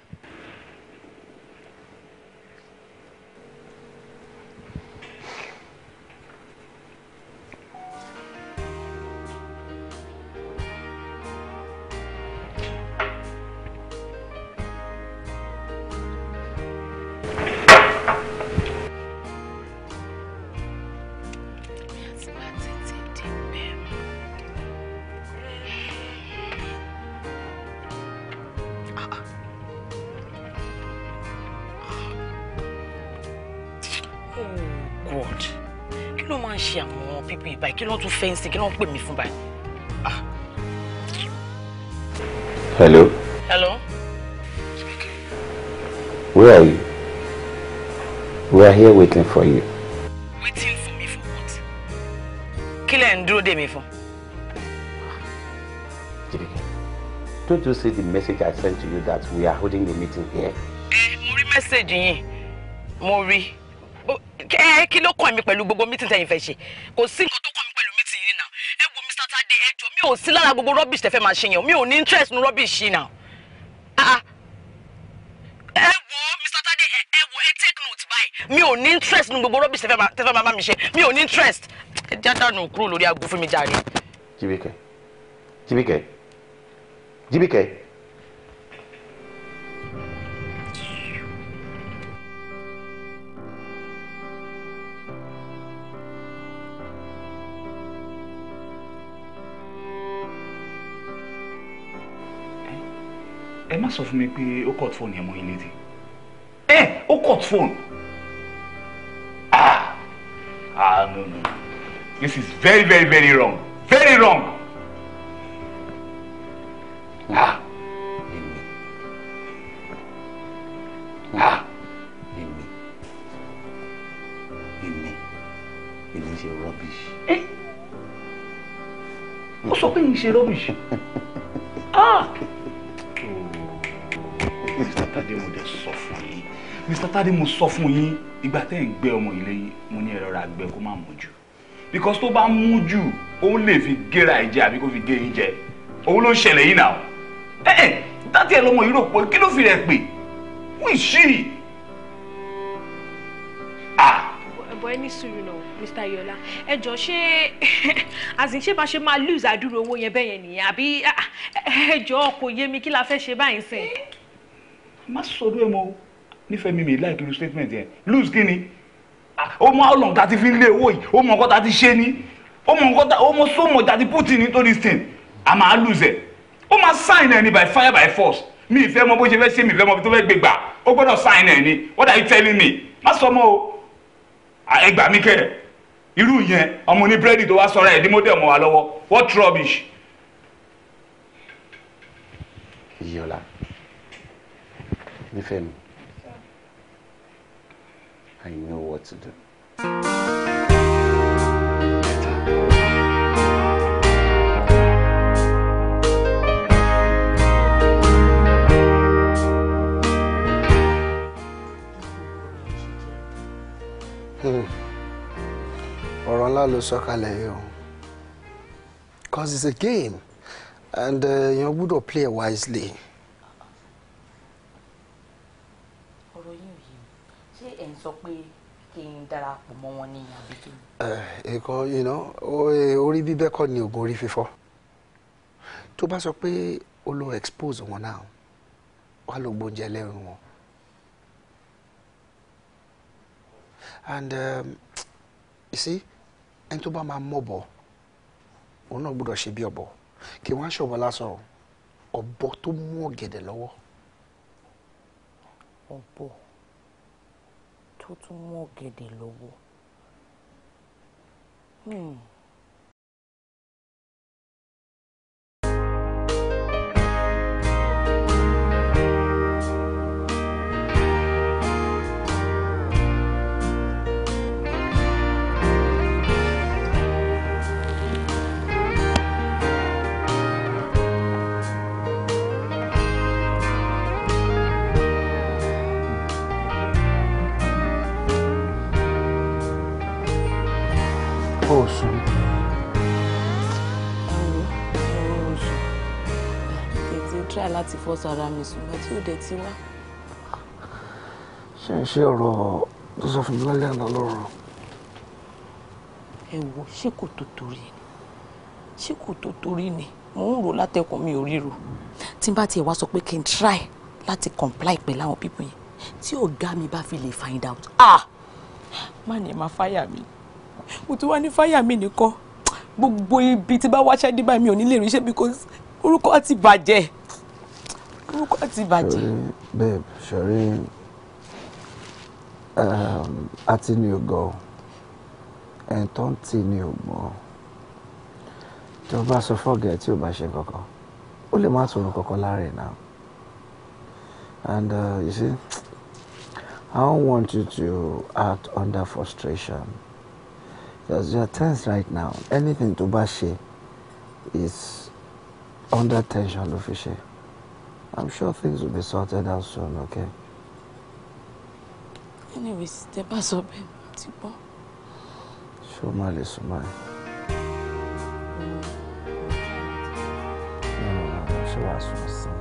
kí ló ń tún fẹ́ kí ló ń pè mí fún báyìí. Ah. hello. hello. where are you? we are here waiting for you. waiting for me for what? kí lẹ̀ ń dúró dè mí fún. Don't you see the message I sent to you that we are holding the meeting here? Ẹ mo rí mẹ́sẹ̀gì yín, mo rí. Ẹ kí ló kàn mí pẹ̀lú gbogbo meeting tẹ̀yin fẹ́ ṣe? Kò sí mi ò sí lára gbogbo rubbish tẹ́ fẹ́ máa ṣe yẹn mi ò ní interest nu rubbish yìí náà. Ah, ah. ẹ wo Mr. Tade ẹ wo ẹ take note báyìí mi ò ní interest nu gbogbo rubbish tẹ́ fẹ́ máa bá mi ṣe mi ò ní interest ẹ jáde nù kúrò lórí aago fún mi jàre. Jíbíkẹ́ Jíbíkẹ́ Jíbíkẹ́. ẹ má sọ fún mi pé ó cut phone yẹn mọ́ yín létí ẹ ó cut phone ah ah no no this is very very very wrong very wrong ah ah èmi èmi èmi rubbish eh? ó sọ pé ń ṣe rubbish. Mr. Tade mo sọ fún yín ìgbà tẹ́ ń gbé ọmọ ilé yìí mo ní ẹ rọra gbé kó má mú jù because tó bá mú jù ó lè fi géra ẹ jẹ àbí kó fi gé yín jẹ òun ló ń ṣẹlẹ̀ yìí náà ẹ ẹ dátì ẹ lọmọ yìí rò pé kí ló fi rẹ pè wí sí i ah! ẹ̀bọ̀ ẹni sùúrù náà Mr. Yola ẹ jọ ṣé àzìn ṣé máa ṣe máa lose àdúrò owó yẹn bẹ́yẹn nìyẹn àbí ah, ah, ẹ jọ kò yé mi kí la fẹ́ ṣe báyìí sẹ́yìn. má sọ̀rọ̀ ẹ̀ mọ́ o nífẹ̀ẹ́ mi mi láìpẹ́ irú statement yẹn lose kí ni ah, ó mọ how long ta ti fi lé owó yìí ó mọ nǹkan ta ti ṣe ni ó mọ nǹkan ta ó mọ so much ta ti put in into this thing a máa lose ẹ̀ ó máa sign ẹ̀ by fire by force mi ìfẹ́ mọ bó ṣe fẹ́ ṣe mi ìfẹ́ mọ tó fẹ́ gbé gbà ó gbọ́dọ̀ sign ẹ̀ what are you telling me má sọ mọ́ o ẹ gbà mí kẹ́ irú yẹn ọmọ ní búrẹ́dì tó wá sọ̀rọ̀ ẹ̀ dímọ́dé ọmọ wa lọ́wọ́ what rubbish. iyọ̀la nífẹ̀ẹ́ mi I know what to do. ọ̀rọ̀ ńlá ló sọ kalẹ̀ yìí o cause it's a game and uh, èèyàn uh, gbọ́dọ̀ play wisely. ń sọ pé kí n darapọ̀ mọ́ wọn ní àbí kí ni. ẹ̀kọ́ eh, orí bíbẹ́ kọ́ ni oògùn orí fífọ́ tó bá sọ pé ó lọ expose wọn náà wà ló gbóúnjẹ lẹ́rù wọn and um, you see ẹni tó bá máa mọ̀bọ̀ òun náà gbọ́dọ̀ ṣe bí ọ̀bọ kí wọ́n á ṣọ̀bọ lásán ọ̀bọ tó mú ọ̀gẹ̀dẹ̀ lọ́wọ́. ọ̀bọ tó tún mú ọ̀gẹ̀dẹ̀ lọ́wọ́. Hmm. try láti force ara mi ṣùgbọ́n tí ò dẹ̀ ti wá. ṣé ń ṣe ọ̀rọ̀ tó sọ fún mi lálẹ́ àná lọ́rọ̀. ẹ wo ṣé kò tó torí ni ṣé kò tó torí ni mò ń rò látẹkùn mi ò ríro tí n bá tiẹ̀ wá sọ pé kí n try láti comply pẹ̀lú àwọn pípọ̀ yẹn tí ọ̀gá mi bá fi lè find out ah má ní ma fáyà mi mo ti wá ní fáyà mi nìkan gbogbo ibi tí bá wáṣẹ́ dé báyìí mi ò ní lè ríṣẹ́ because orúkọ ti bàjẹ́ orúkọ ti bàjẹ́. babe sori um, àti ni ò gọ ẹni tó ń tì ni ò gbọ́ tó bá sọ fọ́ọ̀gẹ̀ tí ò bá ṣe kankan ó lè má sọ̀rọ̀ kankan lára náà and uh, you see I don't want you to act under frustration because you are tense right now anything to bá ṣe is under tension ló fi ṣe. I'm sure things will be sorted out soon, okay? Anyways, tẹ́ bá sọ bẹ́ẹ̀ ti gbọ́. Ṣé o No, no, no, báyìí? Ṣé wàá sùn sí i?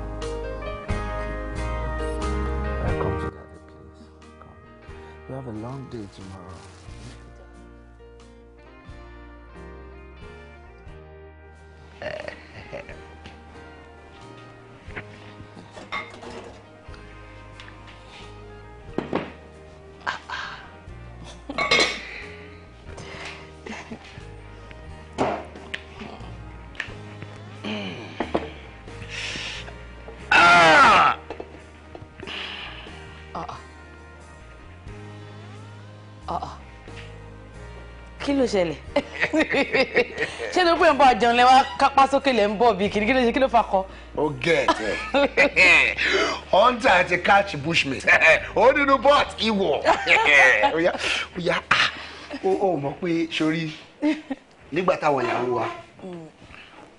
Welcome to daddy, please. Come. You have a long day tomorrow. ló ṣẹlẹ̀ ṣé ló pé ń bọ̀ jẹun lẹ́wọ́ kápá sókè lẹ́ ń bọ̀ bí kìnìkì ló ṣe kí ló fa kọ. ó gẹ̀ ẹ́ hunter àti catch bushmeat ó nínú bọ́ọ̀t ìwọ̀ ó yá ah, ó mọ̀ pé sórí nígbà táwọn ìyàwó wa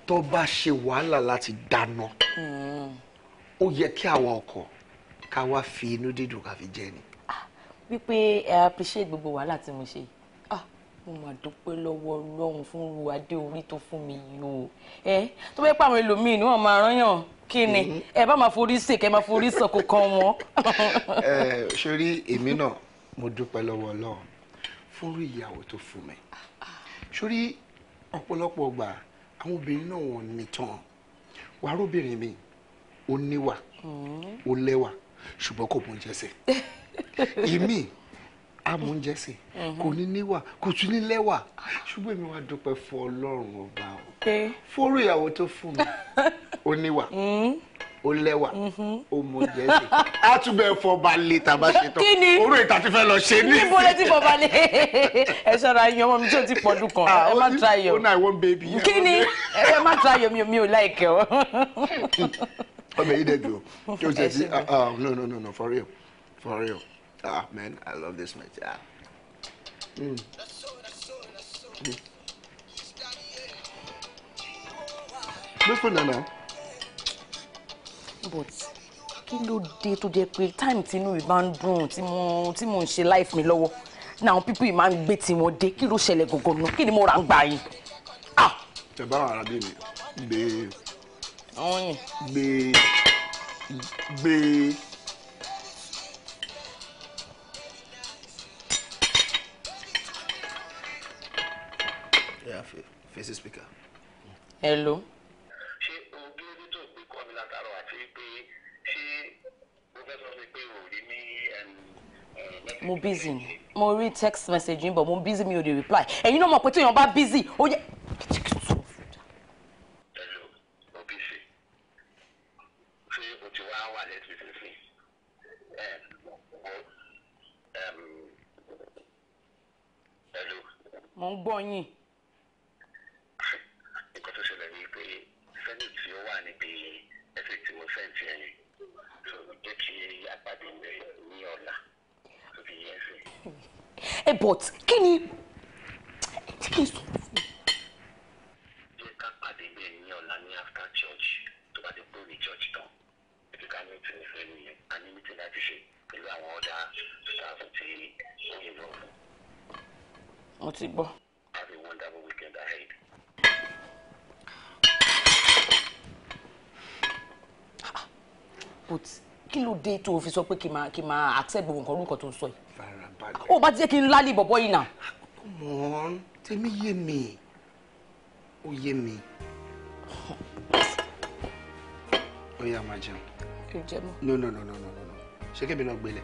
tó bá ṣe wàhálà láti dáná ó yẹ kí àwa ọkọ ká wá fi inú dídùn ká fi jẹ ni. Ah, wípé ẹ appreciate gbogbo wàhálà tí mo ṣe yìí mo mà dúpẹ́ lọ́wọ́ ọlọ́run fún ru adé orí tó fún mi yìí o ẹ tó bẹ́ẹ̀ pàwọn ẹlòmíì ni wọ́n máa rányàn kí ni mhm. ẹ bá máa forí sèké máa forí sàn kan wọn. ẹ sori èmi náà mo dúpẹ́ lọ́wọ́ ọlọ́run fún ru ìyàwó tó fún mi sori ọ̀pọ̀lọpọ̀ gbà àwọn obìnrin náà wọ́n nìtàn wàá róbìnrin mi ó níwà mhm. ó lẹ́wà ṣùgbọ́n kò mú jẹ́sẹ̀ èmi amúnjẹsìn kò ní níwà kò tún ní lẹ́wà ṣùgbọ́n èmi wàá dúpẹ́ fún ọlọ́run ọba o fóró ìyàwó tó fún mi ó níwà hmm? ó lẹ́wà hmm? ó múnjẹsìn á tún bẹ́ẹ̀ fọba lé tàbá ṣetán oró ìta ti fẹ́ lọ ṣe ní. níbo lè ti fọba lé ẹ ṣọ́ra iyan ọmọ mi tí o ti pọ̀ dùn kan ah, ẹ má oh, tra oh, yọ kí ni ẹ má tra yọ mi ò láìkẹ́ ọ. ọbẹ̀ yìí dẹ̀ dùn kí o ṣe ti ah, ah, no no no no for real for real. Ah, man, I love this match. Ah. Mm. Mm. Best friend Nana. But kí ló dé tó jẹ́ pé time tínú mi bá ń timo timo mo tí life mi low. now people yìí máa ń gbé tiwọn dé kí ló ṣẹlẹ̀ gọ̀gọ̀ náà kí ni mo ra ń gbà yín. Ah! Ẹ bá ara bí mi gbé gbé to speaker. hello. ṣé ohun kí tó pé kọ́ mi àti pé ṣé mo fẹ́ pé ò rí mi. Um, um, mo busy ni mo rí text message yín bọ̀ mo busy mi ò dey reply ẹ̀yin náà mọ̀ pé téèyàn bá busy ó yẹ. hello busy ṣé um, mo ń gbọ́ yín. tó fi sọ pé kì máa kì máa accept gbogbo nǹkan orúkọ tó ń sọ yìí. farabalẹ̀ ó bá ti jẹ́ kí n lálẹ́ bọ̀bọ̀ yìí nà. àkọ́mọ́ tèmi yé mi ó yé mi ó yá máa jẹun. kì í jẹ mọ́. no no no no no no ṣé kébì náà gbélé.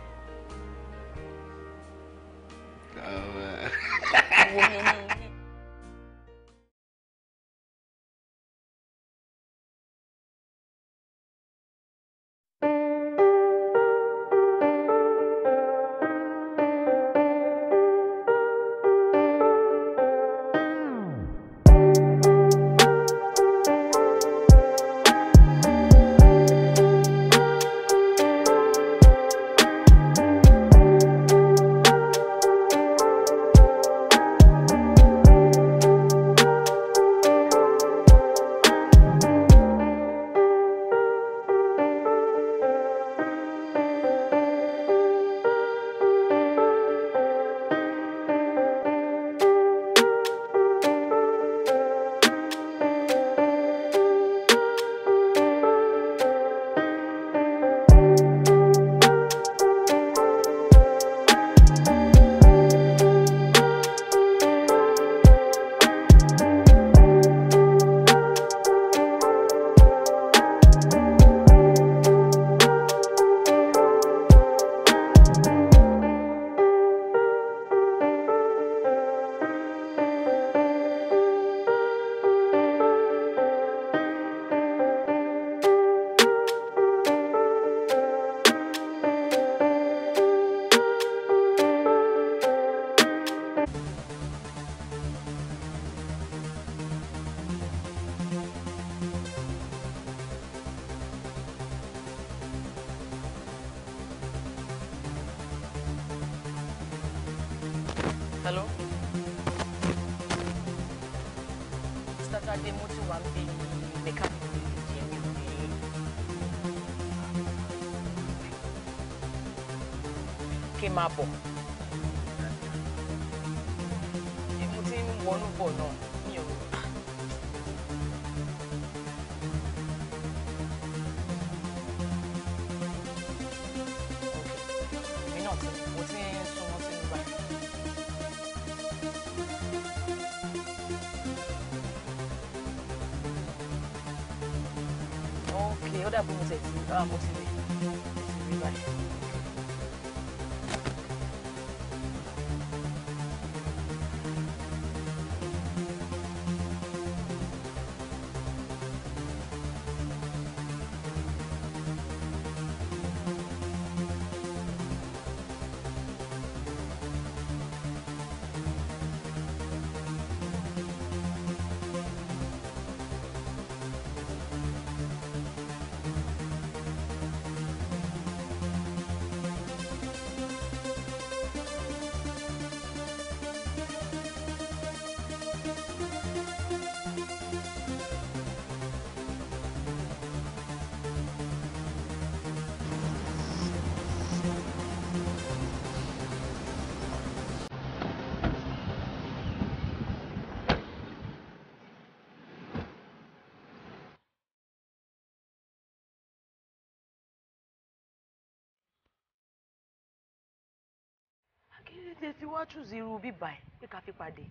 títí tí wàá tù sí irú bíbà ẹ pé ká fi pàdé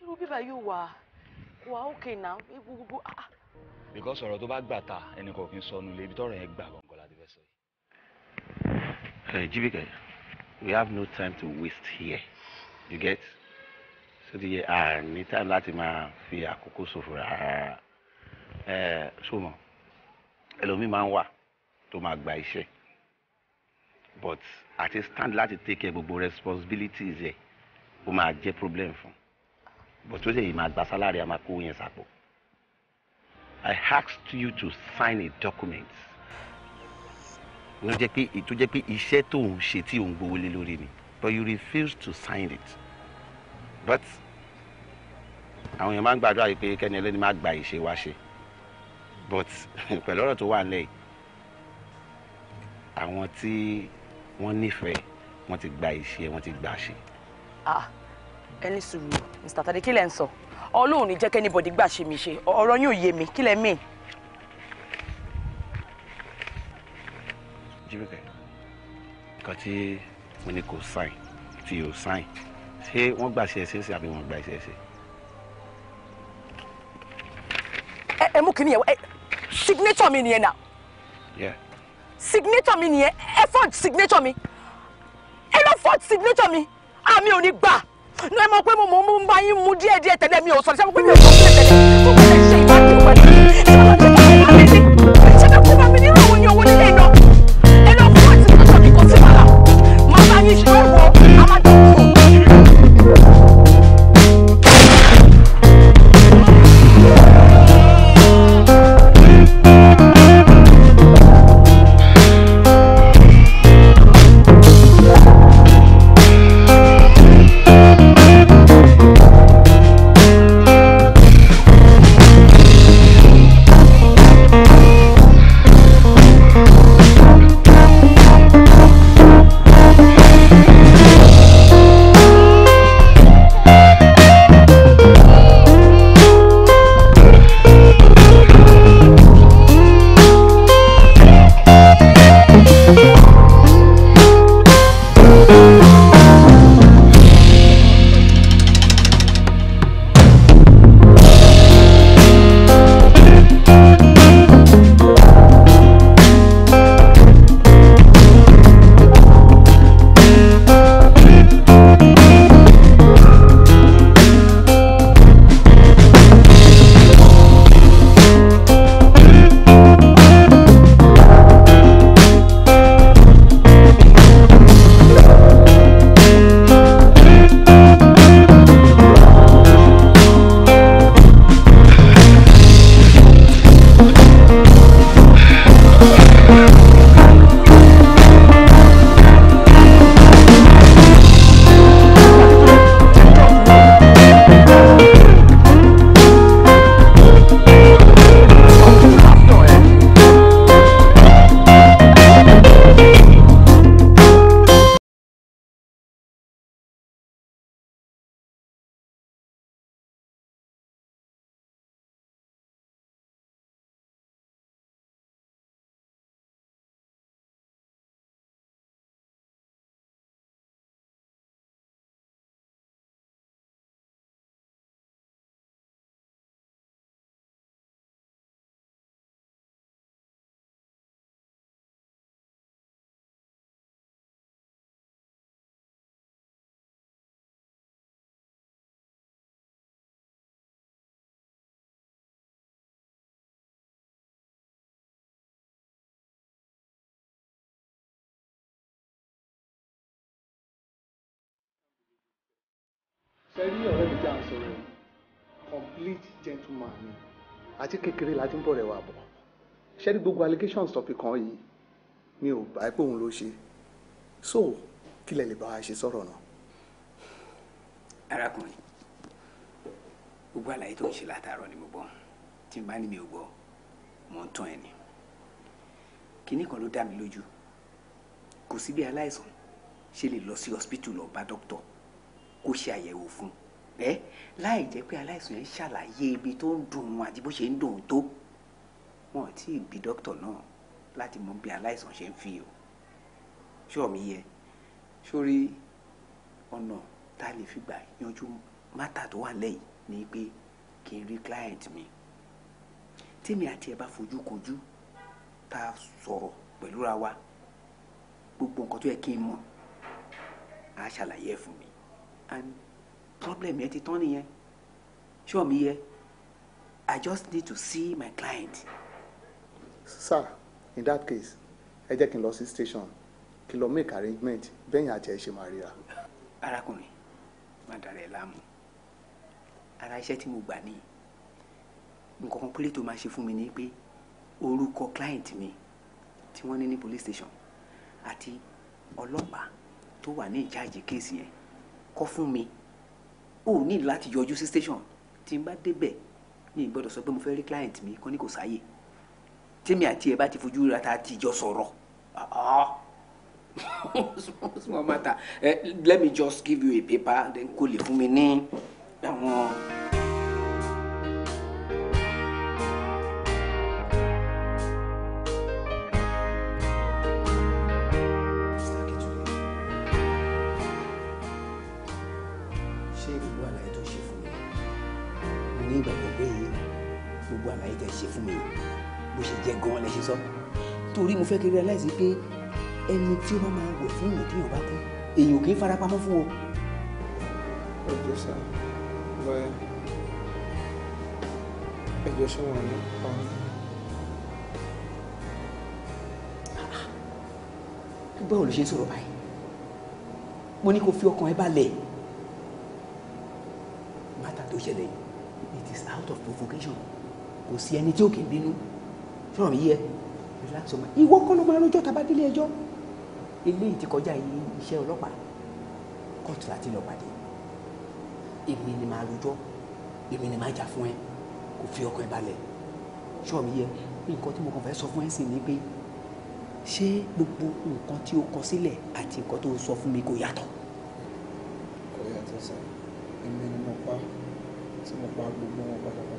irú bíbà yóò wà wà ókè náà gbogbo. Ah, ah. because ọ̀rọ̀ tó bá gbà ta ẹnì kan kì í sọnù lé ibi tọ́rọ̀ yẹn gbà gbọ̀ngàn láti fẹ́ sọ yìí. ẹ Jíbìkẹ́ we have no time to waste here you get so ti yẹ àní time láti máa fi àkókò ṣòfò rárá ẹ eh, ṣùgbọ́n ẹlòmíì máa ń wà tó máa gba iṣẹ́ but àti stand láti take care gbogbo responsibilities ẹ̀ ó máa jẹ́ problem fún but ó sì yìí máa gba salary àmà kó yẹn sàpò. I asked you to sign a document. ló jẹ́ pé ètò jẹ́ pé iṣẹ́ tó ń ṣe tí ò ń gbowó lé lórí ni but you refused to sign it. but àwọn èèyàn máa ń gbàdúrà yìí pé kẹ́ni ẹlẹ́ni máa gba ìṣe wá ṣe but pẹ̀lú ọ̀rọ̀ tó wà nílẹ̀ yìí àwọn tí wọ́n nífẹ̀ẹ́ wọ́n ti gba iṣẹ́ wọ́n ti gbà ṣe. ẹni sùúrù mr tade kí lẹ ń sọ ọlọ́run ní jẹ́ kẹ́nìbọ̀dì gbà ṣe mi ṣe ọ̀rọ̀ yóò yé mi kí lẹ mí. jíbìkẹ́ nǹkan tí mo ní kò sáìn tí yóò sáìn ṣé wọ́n gbà ṣe ẹsẹ̀ ṣe àbí wọ́n gbà ṣe ẹsẹ̀. ẹ mú kí ni yẹn signature mi nìyẹn náà signature mi nìyẹn ẹ forge signature mi ẹ lọ forge signature mi àmì ò ní gbà ní ẹ mọ̀ pé mo mọ̀ mo ń bá yín mu díẹ̀díẹ̀ tẹ́lẹ̀ mi ò sọ̀rọ̀ ṣé mo pé mi ò sọ̀rọ̀ tẹ́lẹ̀ tó bá ṣe ìbájú pẹ̀lú ìṣòro tẹ́lẹ̀. ṣẹ́rí ọ̀rẹ́ mi tí sọ̀rọ̀ complete gentleman ni àti kékeré la ti ń bọ̀ rẹ̀ wà bọ̀ ṣẹ́rí gbogbo allegations tó fi kàn yìí mi ò bá pé òun ló ṣe so kí lẹ lè bá wa ṣe sọ̀rọ̀ náà. arákùnrin gbogbo àlàyé tó ń ṣe látàárọ̀ ni mo gbọ́ tí n bá ní mi ò gbọ́ mo ń tán ẹ ni kinní kan ló dá mi lójú kò sí bí aláìsàn ṣe lè lọ sí hospital lọ bá dókítà kó ṣe àyẹ̀wò fún ẹ láì jẹ́ pé aláìsàn yẹn ṣàlàyé ibi tó ń dùn ún àti bó ṣe ń dùn ún tó wọn ò tí ì bí dókítà náà láti mọ bí aláìsàn ṣe ń fi o ṣọ́ọ̀mí yẹ sórí ọ̀nà tá a lè fi gbà yanjú mátà tó wà lẹ́yìn ni pé kí n rí client mi tèmi àti ẹ bá fojú kojú tá a sọ̀rọ̀ pẹ̀lúra wa gbogbo nǹkan tó yẹ kí n mọ̀ á ṣàlàyé ẹ̀ fún mi and problem yẹn ti tán nìyẹn ṣé ọ̀mí yẹ i just need to see my client. sir in that case ẹ jẹ́ kí n lọ sí station kí lọ make arrangement bẹ́yìn àti ẹ̀ ṣe máa ríra. arákùnrin má dara láàmú ara iṣẹ́ tí mo gbà ní nǹkan kan péré tó máa ṣe fún mi ni pé orúkọ client mi tí wọ́n ní ní police station àti ọlọ́pàá tó wà ní ìjáàjì kéèsì yẹn kọ́ fún mi ó ní láti yọjú sí station tí n bá débẹ̀ ní ìgbọ́dọ̀ sọ pé mo fẹ́ rí client mi kọ́ ní kò sáyè tèmi àti ẹ̀ bá ti fojú ríra tá ti jọ sọ̀rọ̀ small matter eh, let me just give you a paper then kò lè fún mi ní àwọn. fẹ́ kí realize pé ẹni tí ó bá máa wò fún ìyẹn tí yóò bá kú èyí ò kì í fara pamọ́ fún o. ẹ sá báyà ẹ sọ wọn ní pàmò. báwo ló ṣe sọ̀rọ̀ báyìí mo ní kó fi ọkàn ẹ balẹ̀ mátà tó ṣẹlẹ̀ it is out of provocation kò sí ẹni tí ó kì í bínú sọ̀rọ̀ mi yẹ relax ọmọ ìwọ kọ́ ló máa rojọ́ tàbá délé ẹjọ́ eléyìí ti kọjá yìí iṣẹ́ ọlọ́pàá kóòtù láti lọ pàdé èmi ni màá rojọ́ èmi ni màá jà fún ẹ kò fi ọkàn ẹ balẹ̀ ṣọ́ọ̀ mi yẹ nǹkan tí mo kàn fẹ́ sọ fún ẹ sì ni pé ṣé gbogbo nǹkan tí o kọ sílẹ̀ àti nǹkan tó sọ fún mi kò yàtọ̀. kò yàtọ̀ sá èmi ni mo pa tí mo pa gbogbo wọn pátápátá.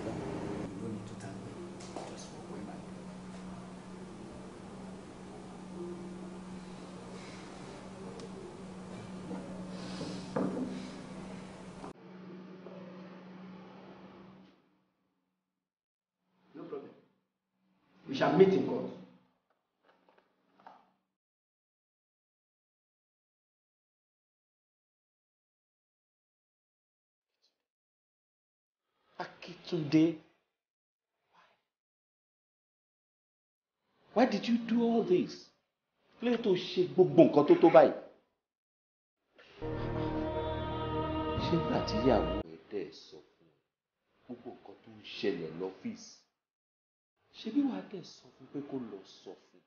today? Why? Why did you do all this? Play to ṣe gbogbo nǹkan tó tó báyìí? Ṣé nígbà tí ìyàwó ẹ dẹ̀ sọ fún ẹ gbogbo nǹkan tó ń ṣẹlẹ̀ lọ́fíìsì? Ṣé bí wàá dẹ̀ sọ fún pé kó lọ sọ fún?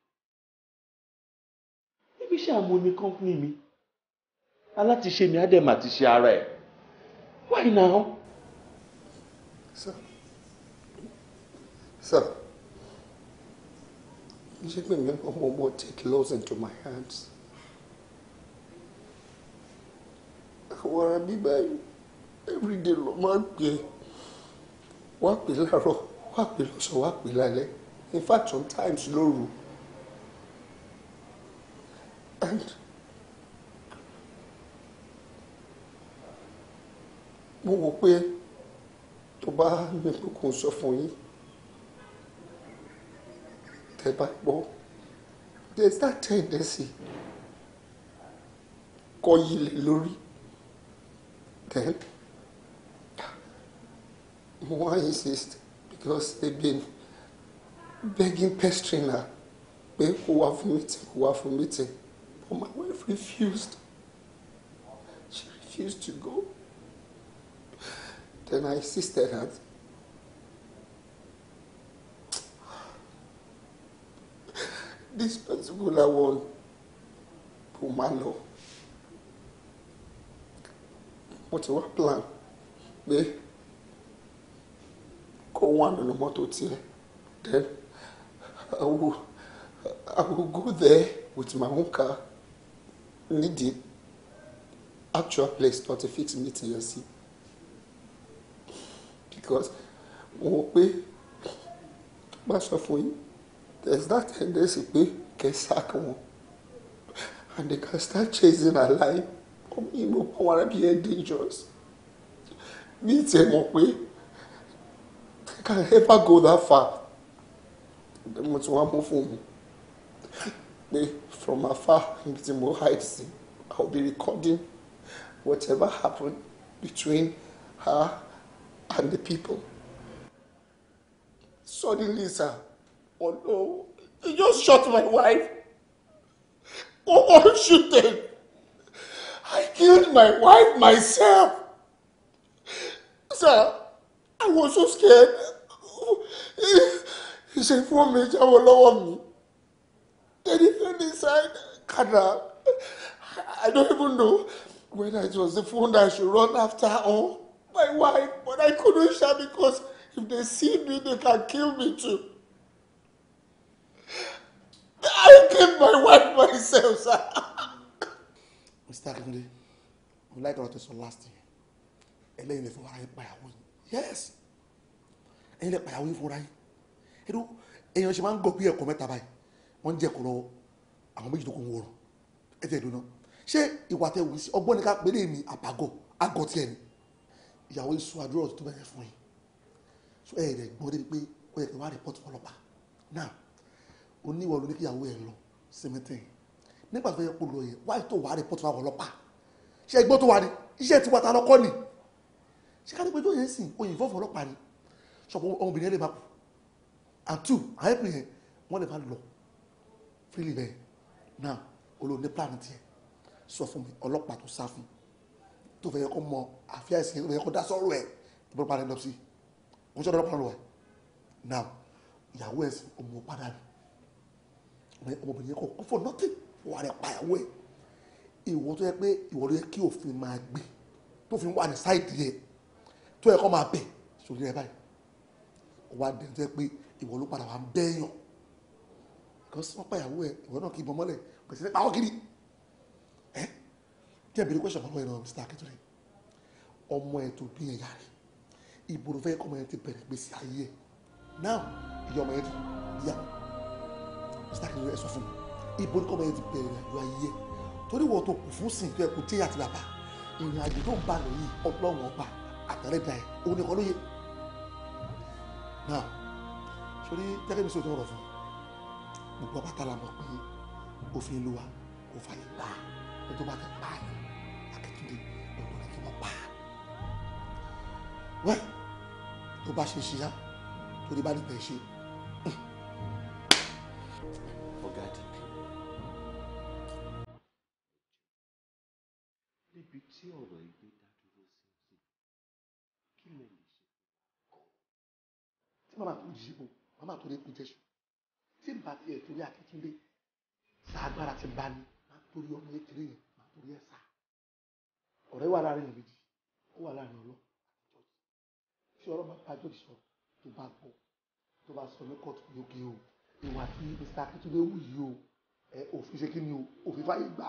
Níbi iṣẹ́ àwọn oní kọ́ńpínì mi, alátiṣe mi á dẹ̀ mà ti ṣe ara ẹ̀. Why now? sir sir ṣé pé mi ọmọ ọmọ take laws into my hands àwọn ará bíbá everyday lọ máa ń gbé wá pè láàárọ̀ wá pè lọ́sàn wá pè lálẹ́ in fact sometimes lóru and mo wò pé tó bá mi pé kò sọ fún yín tẹ bá gbọ́ there is that tendency kọ́ yìí lórí then mo wá insist because they've been begging pestering her pé kó wá fún meeting kó wá fún meeting but my wife refused she refused to go. Then my sister that this particular one kò má lọ mo plan pé Go wà nínú mọ́tò tiẹ̀ then I will, I will go there with my own car need the actual place not fix me, meeting yẹn sí because wọ́n wọ́n pé má sọ fún yín there is that tendency pé kẹ́ sack wọn and they can start chasing her line ọmọ yìí mo pọ́n wọn bí dangerous ní tiẹ̀ mọ̀ pé they can never go that far mo ti wá mú fún mi pé from afar níbi tí mo hide sí I will be recording whatever happened between her and the people. Suddenly, sir, oh no, he just shot my wife. Oh, oh shooting. I killed my wife myself. Sir, I was so scared. He said, for me, I will lower me. Then he fell inside. Kada, I don't even know whether it was the phone that I should run after or my wife, but I couldn't share because if they see me, they can kill me too. I killed my wife myself, sir. Mr. Akinde, I would like to say last thing. Eléyìí lè fún ara yín pàyàwó Yes! And lè pàyàwó yín for I. You know, ṣe máa man go bí ẹ̀kọ́ mẹ́ta báyìí. Wọ́n ń jẹ́ ẹ̀kọ́ I'm going to tó kún wọ̀rọ̀. Ẹ tẹ̀ dùn náà. Ṣé ìwà tẹ̀ wù sí ọgbọ́n ni ká pè é ní àbágọ̀ ìyàwó yìí sún àdúrà tó bẹ̀rẹ̀ fún yín so ẹ̀ rẹ̀ gbọ́ débi pé ó yẹ kí wàá rìpọ́tù ọlọ́pàá náà oníwọ̀ ló ní kí ìyàwó ẹ̀ lọ sẹ́mẹ́tẹ̀ nígbà tó yẹ kó lọ yẹ wáyé tó wàá rìpọ́tù ọlọ́pàá ṣe ẹgbọ́n tó wà ní iṣẹ́ tiwa ta lọ́kọ́ ni ṣe ká ní pé tó yẹ sìn oyin fọ́fọ́ ọlọ́pàá ni ṣọ̀pọ̀ ọmọbìnrin ẹ̀ lè bá kù àtù àyẹ̀pẹ̀ yẹn wọ́n lè bá lọ fílì bẹ́ẹ̀ plan tiẹ̀ sọ fún mi ọlọ́pàá tó sá fún tó fẹ́ kó mọ àfi àìsàn tó fẹ́ kó dá sọ́rọ̀ ẹ̀ tó bọ́ parẹ́ lọ sí kó sọ́dọ̀ ọlọ́pàá lọ ẹ̀ now ìyàwó ẹ̀ sì ọmọ padà ni ọmọbìnrin yẹn kò kó fún nọ́tì wà rẹ̀ pa ìyàwó ẹ̀ ìwọ tó yẹ pé ìwọ ló yẹ kí òfin máa gbé tó fi wà ní sáìdì yẹ tó yẹ kó máa bẹ̀ sórí ẹ báyìí wà á dẹ̀ntẹ́ pé ìwọ ló padà wà ń bẹ́ẹ̀yàn kò sọ́pàá ìyàwó ẹ̀ díẹ̀ bèrè question lọ́wọ́ ẹ̀rọ Mr. Akintunde ọmọ ẹ̀ tó bí ẹ̀yà rẹ̀ ìbò ló fẹ́ kọ́ ti bẹ̀rẹ̀ gbèsè ayé ẹ̀ now ìyá ọmọ yẹn ti yá Mr. Akintunde ẹ sọ fún mi ìbò ló kọ́ ọmọ yẹn ti bẹ̀rẹ̀ àjọ ayé ẹ̀ torí wọ́n tó kù fún sìn tó yẹ kó jẹ́ àti bàbá ìrìn àjò tó ń bá lọ yìí ọlọ́run ọba àtàrẹ́dà ẹ̀ òun nìkan ló yẹ now sori jẹ́kẹ́ mi sọ ìtọ́rọ̀ fún gbogbo la mọ̀ pé òfin ìlú wa kò fàyè gbà ẹ̀ tó bá ti pa wẹ́ tó bá ṣe ṣíyá torí bá nípa ẹ̀ ṣe. ọ̀gá dìbì níbi tí ọ̀rọ̀ ìgbé dá dúró sí sí kí lè lè ṣe kọ́. tí màmá tó jí o màmá tó lè kú jẹ́ṣu tí bá tiẹ̀ torí akíntúndé sàgbára ti bá ní má torí ọmọ kékeré yẹn má torí ẹ̀ sá ọ̀rẹ́ wà láàrin ìbejì ó wà láàrin ọlọ́ tí ọ̀rọ̀ bá bá jọ́ọ̀jì sọ tó bá gbọ́ tó bá sọ ní kóòtù yóò gé o ìwà tí Mr. Akíntúndé wù yìí o ẹ òfin ṣe kí ni o òfin fàyè gbà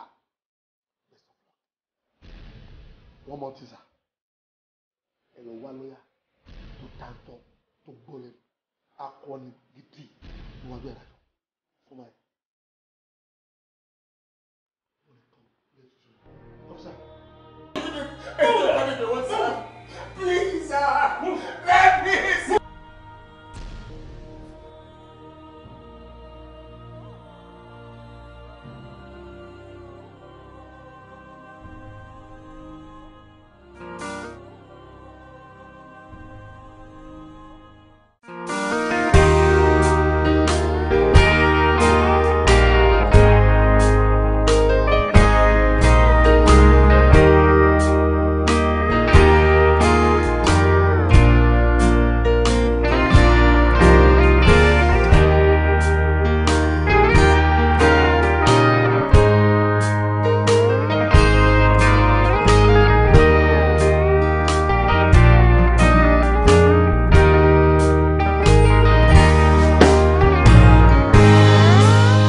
wọ́n mọ tíṣà ẹ lọ wá lọ́yà tó tàǹtọ̀ tó gbọ́lẹ̀ akọni gidi níwájú ẹ̀rọ fún wa. Officer. Levisa! Levisa! É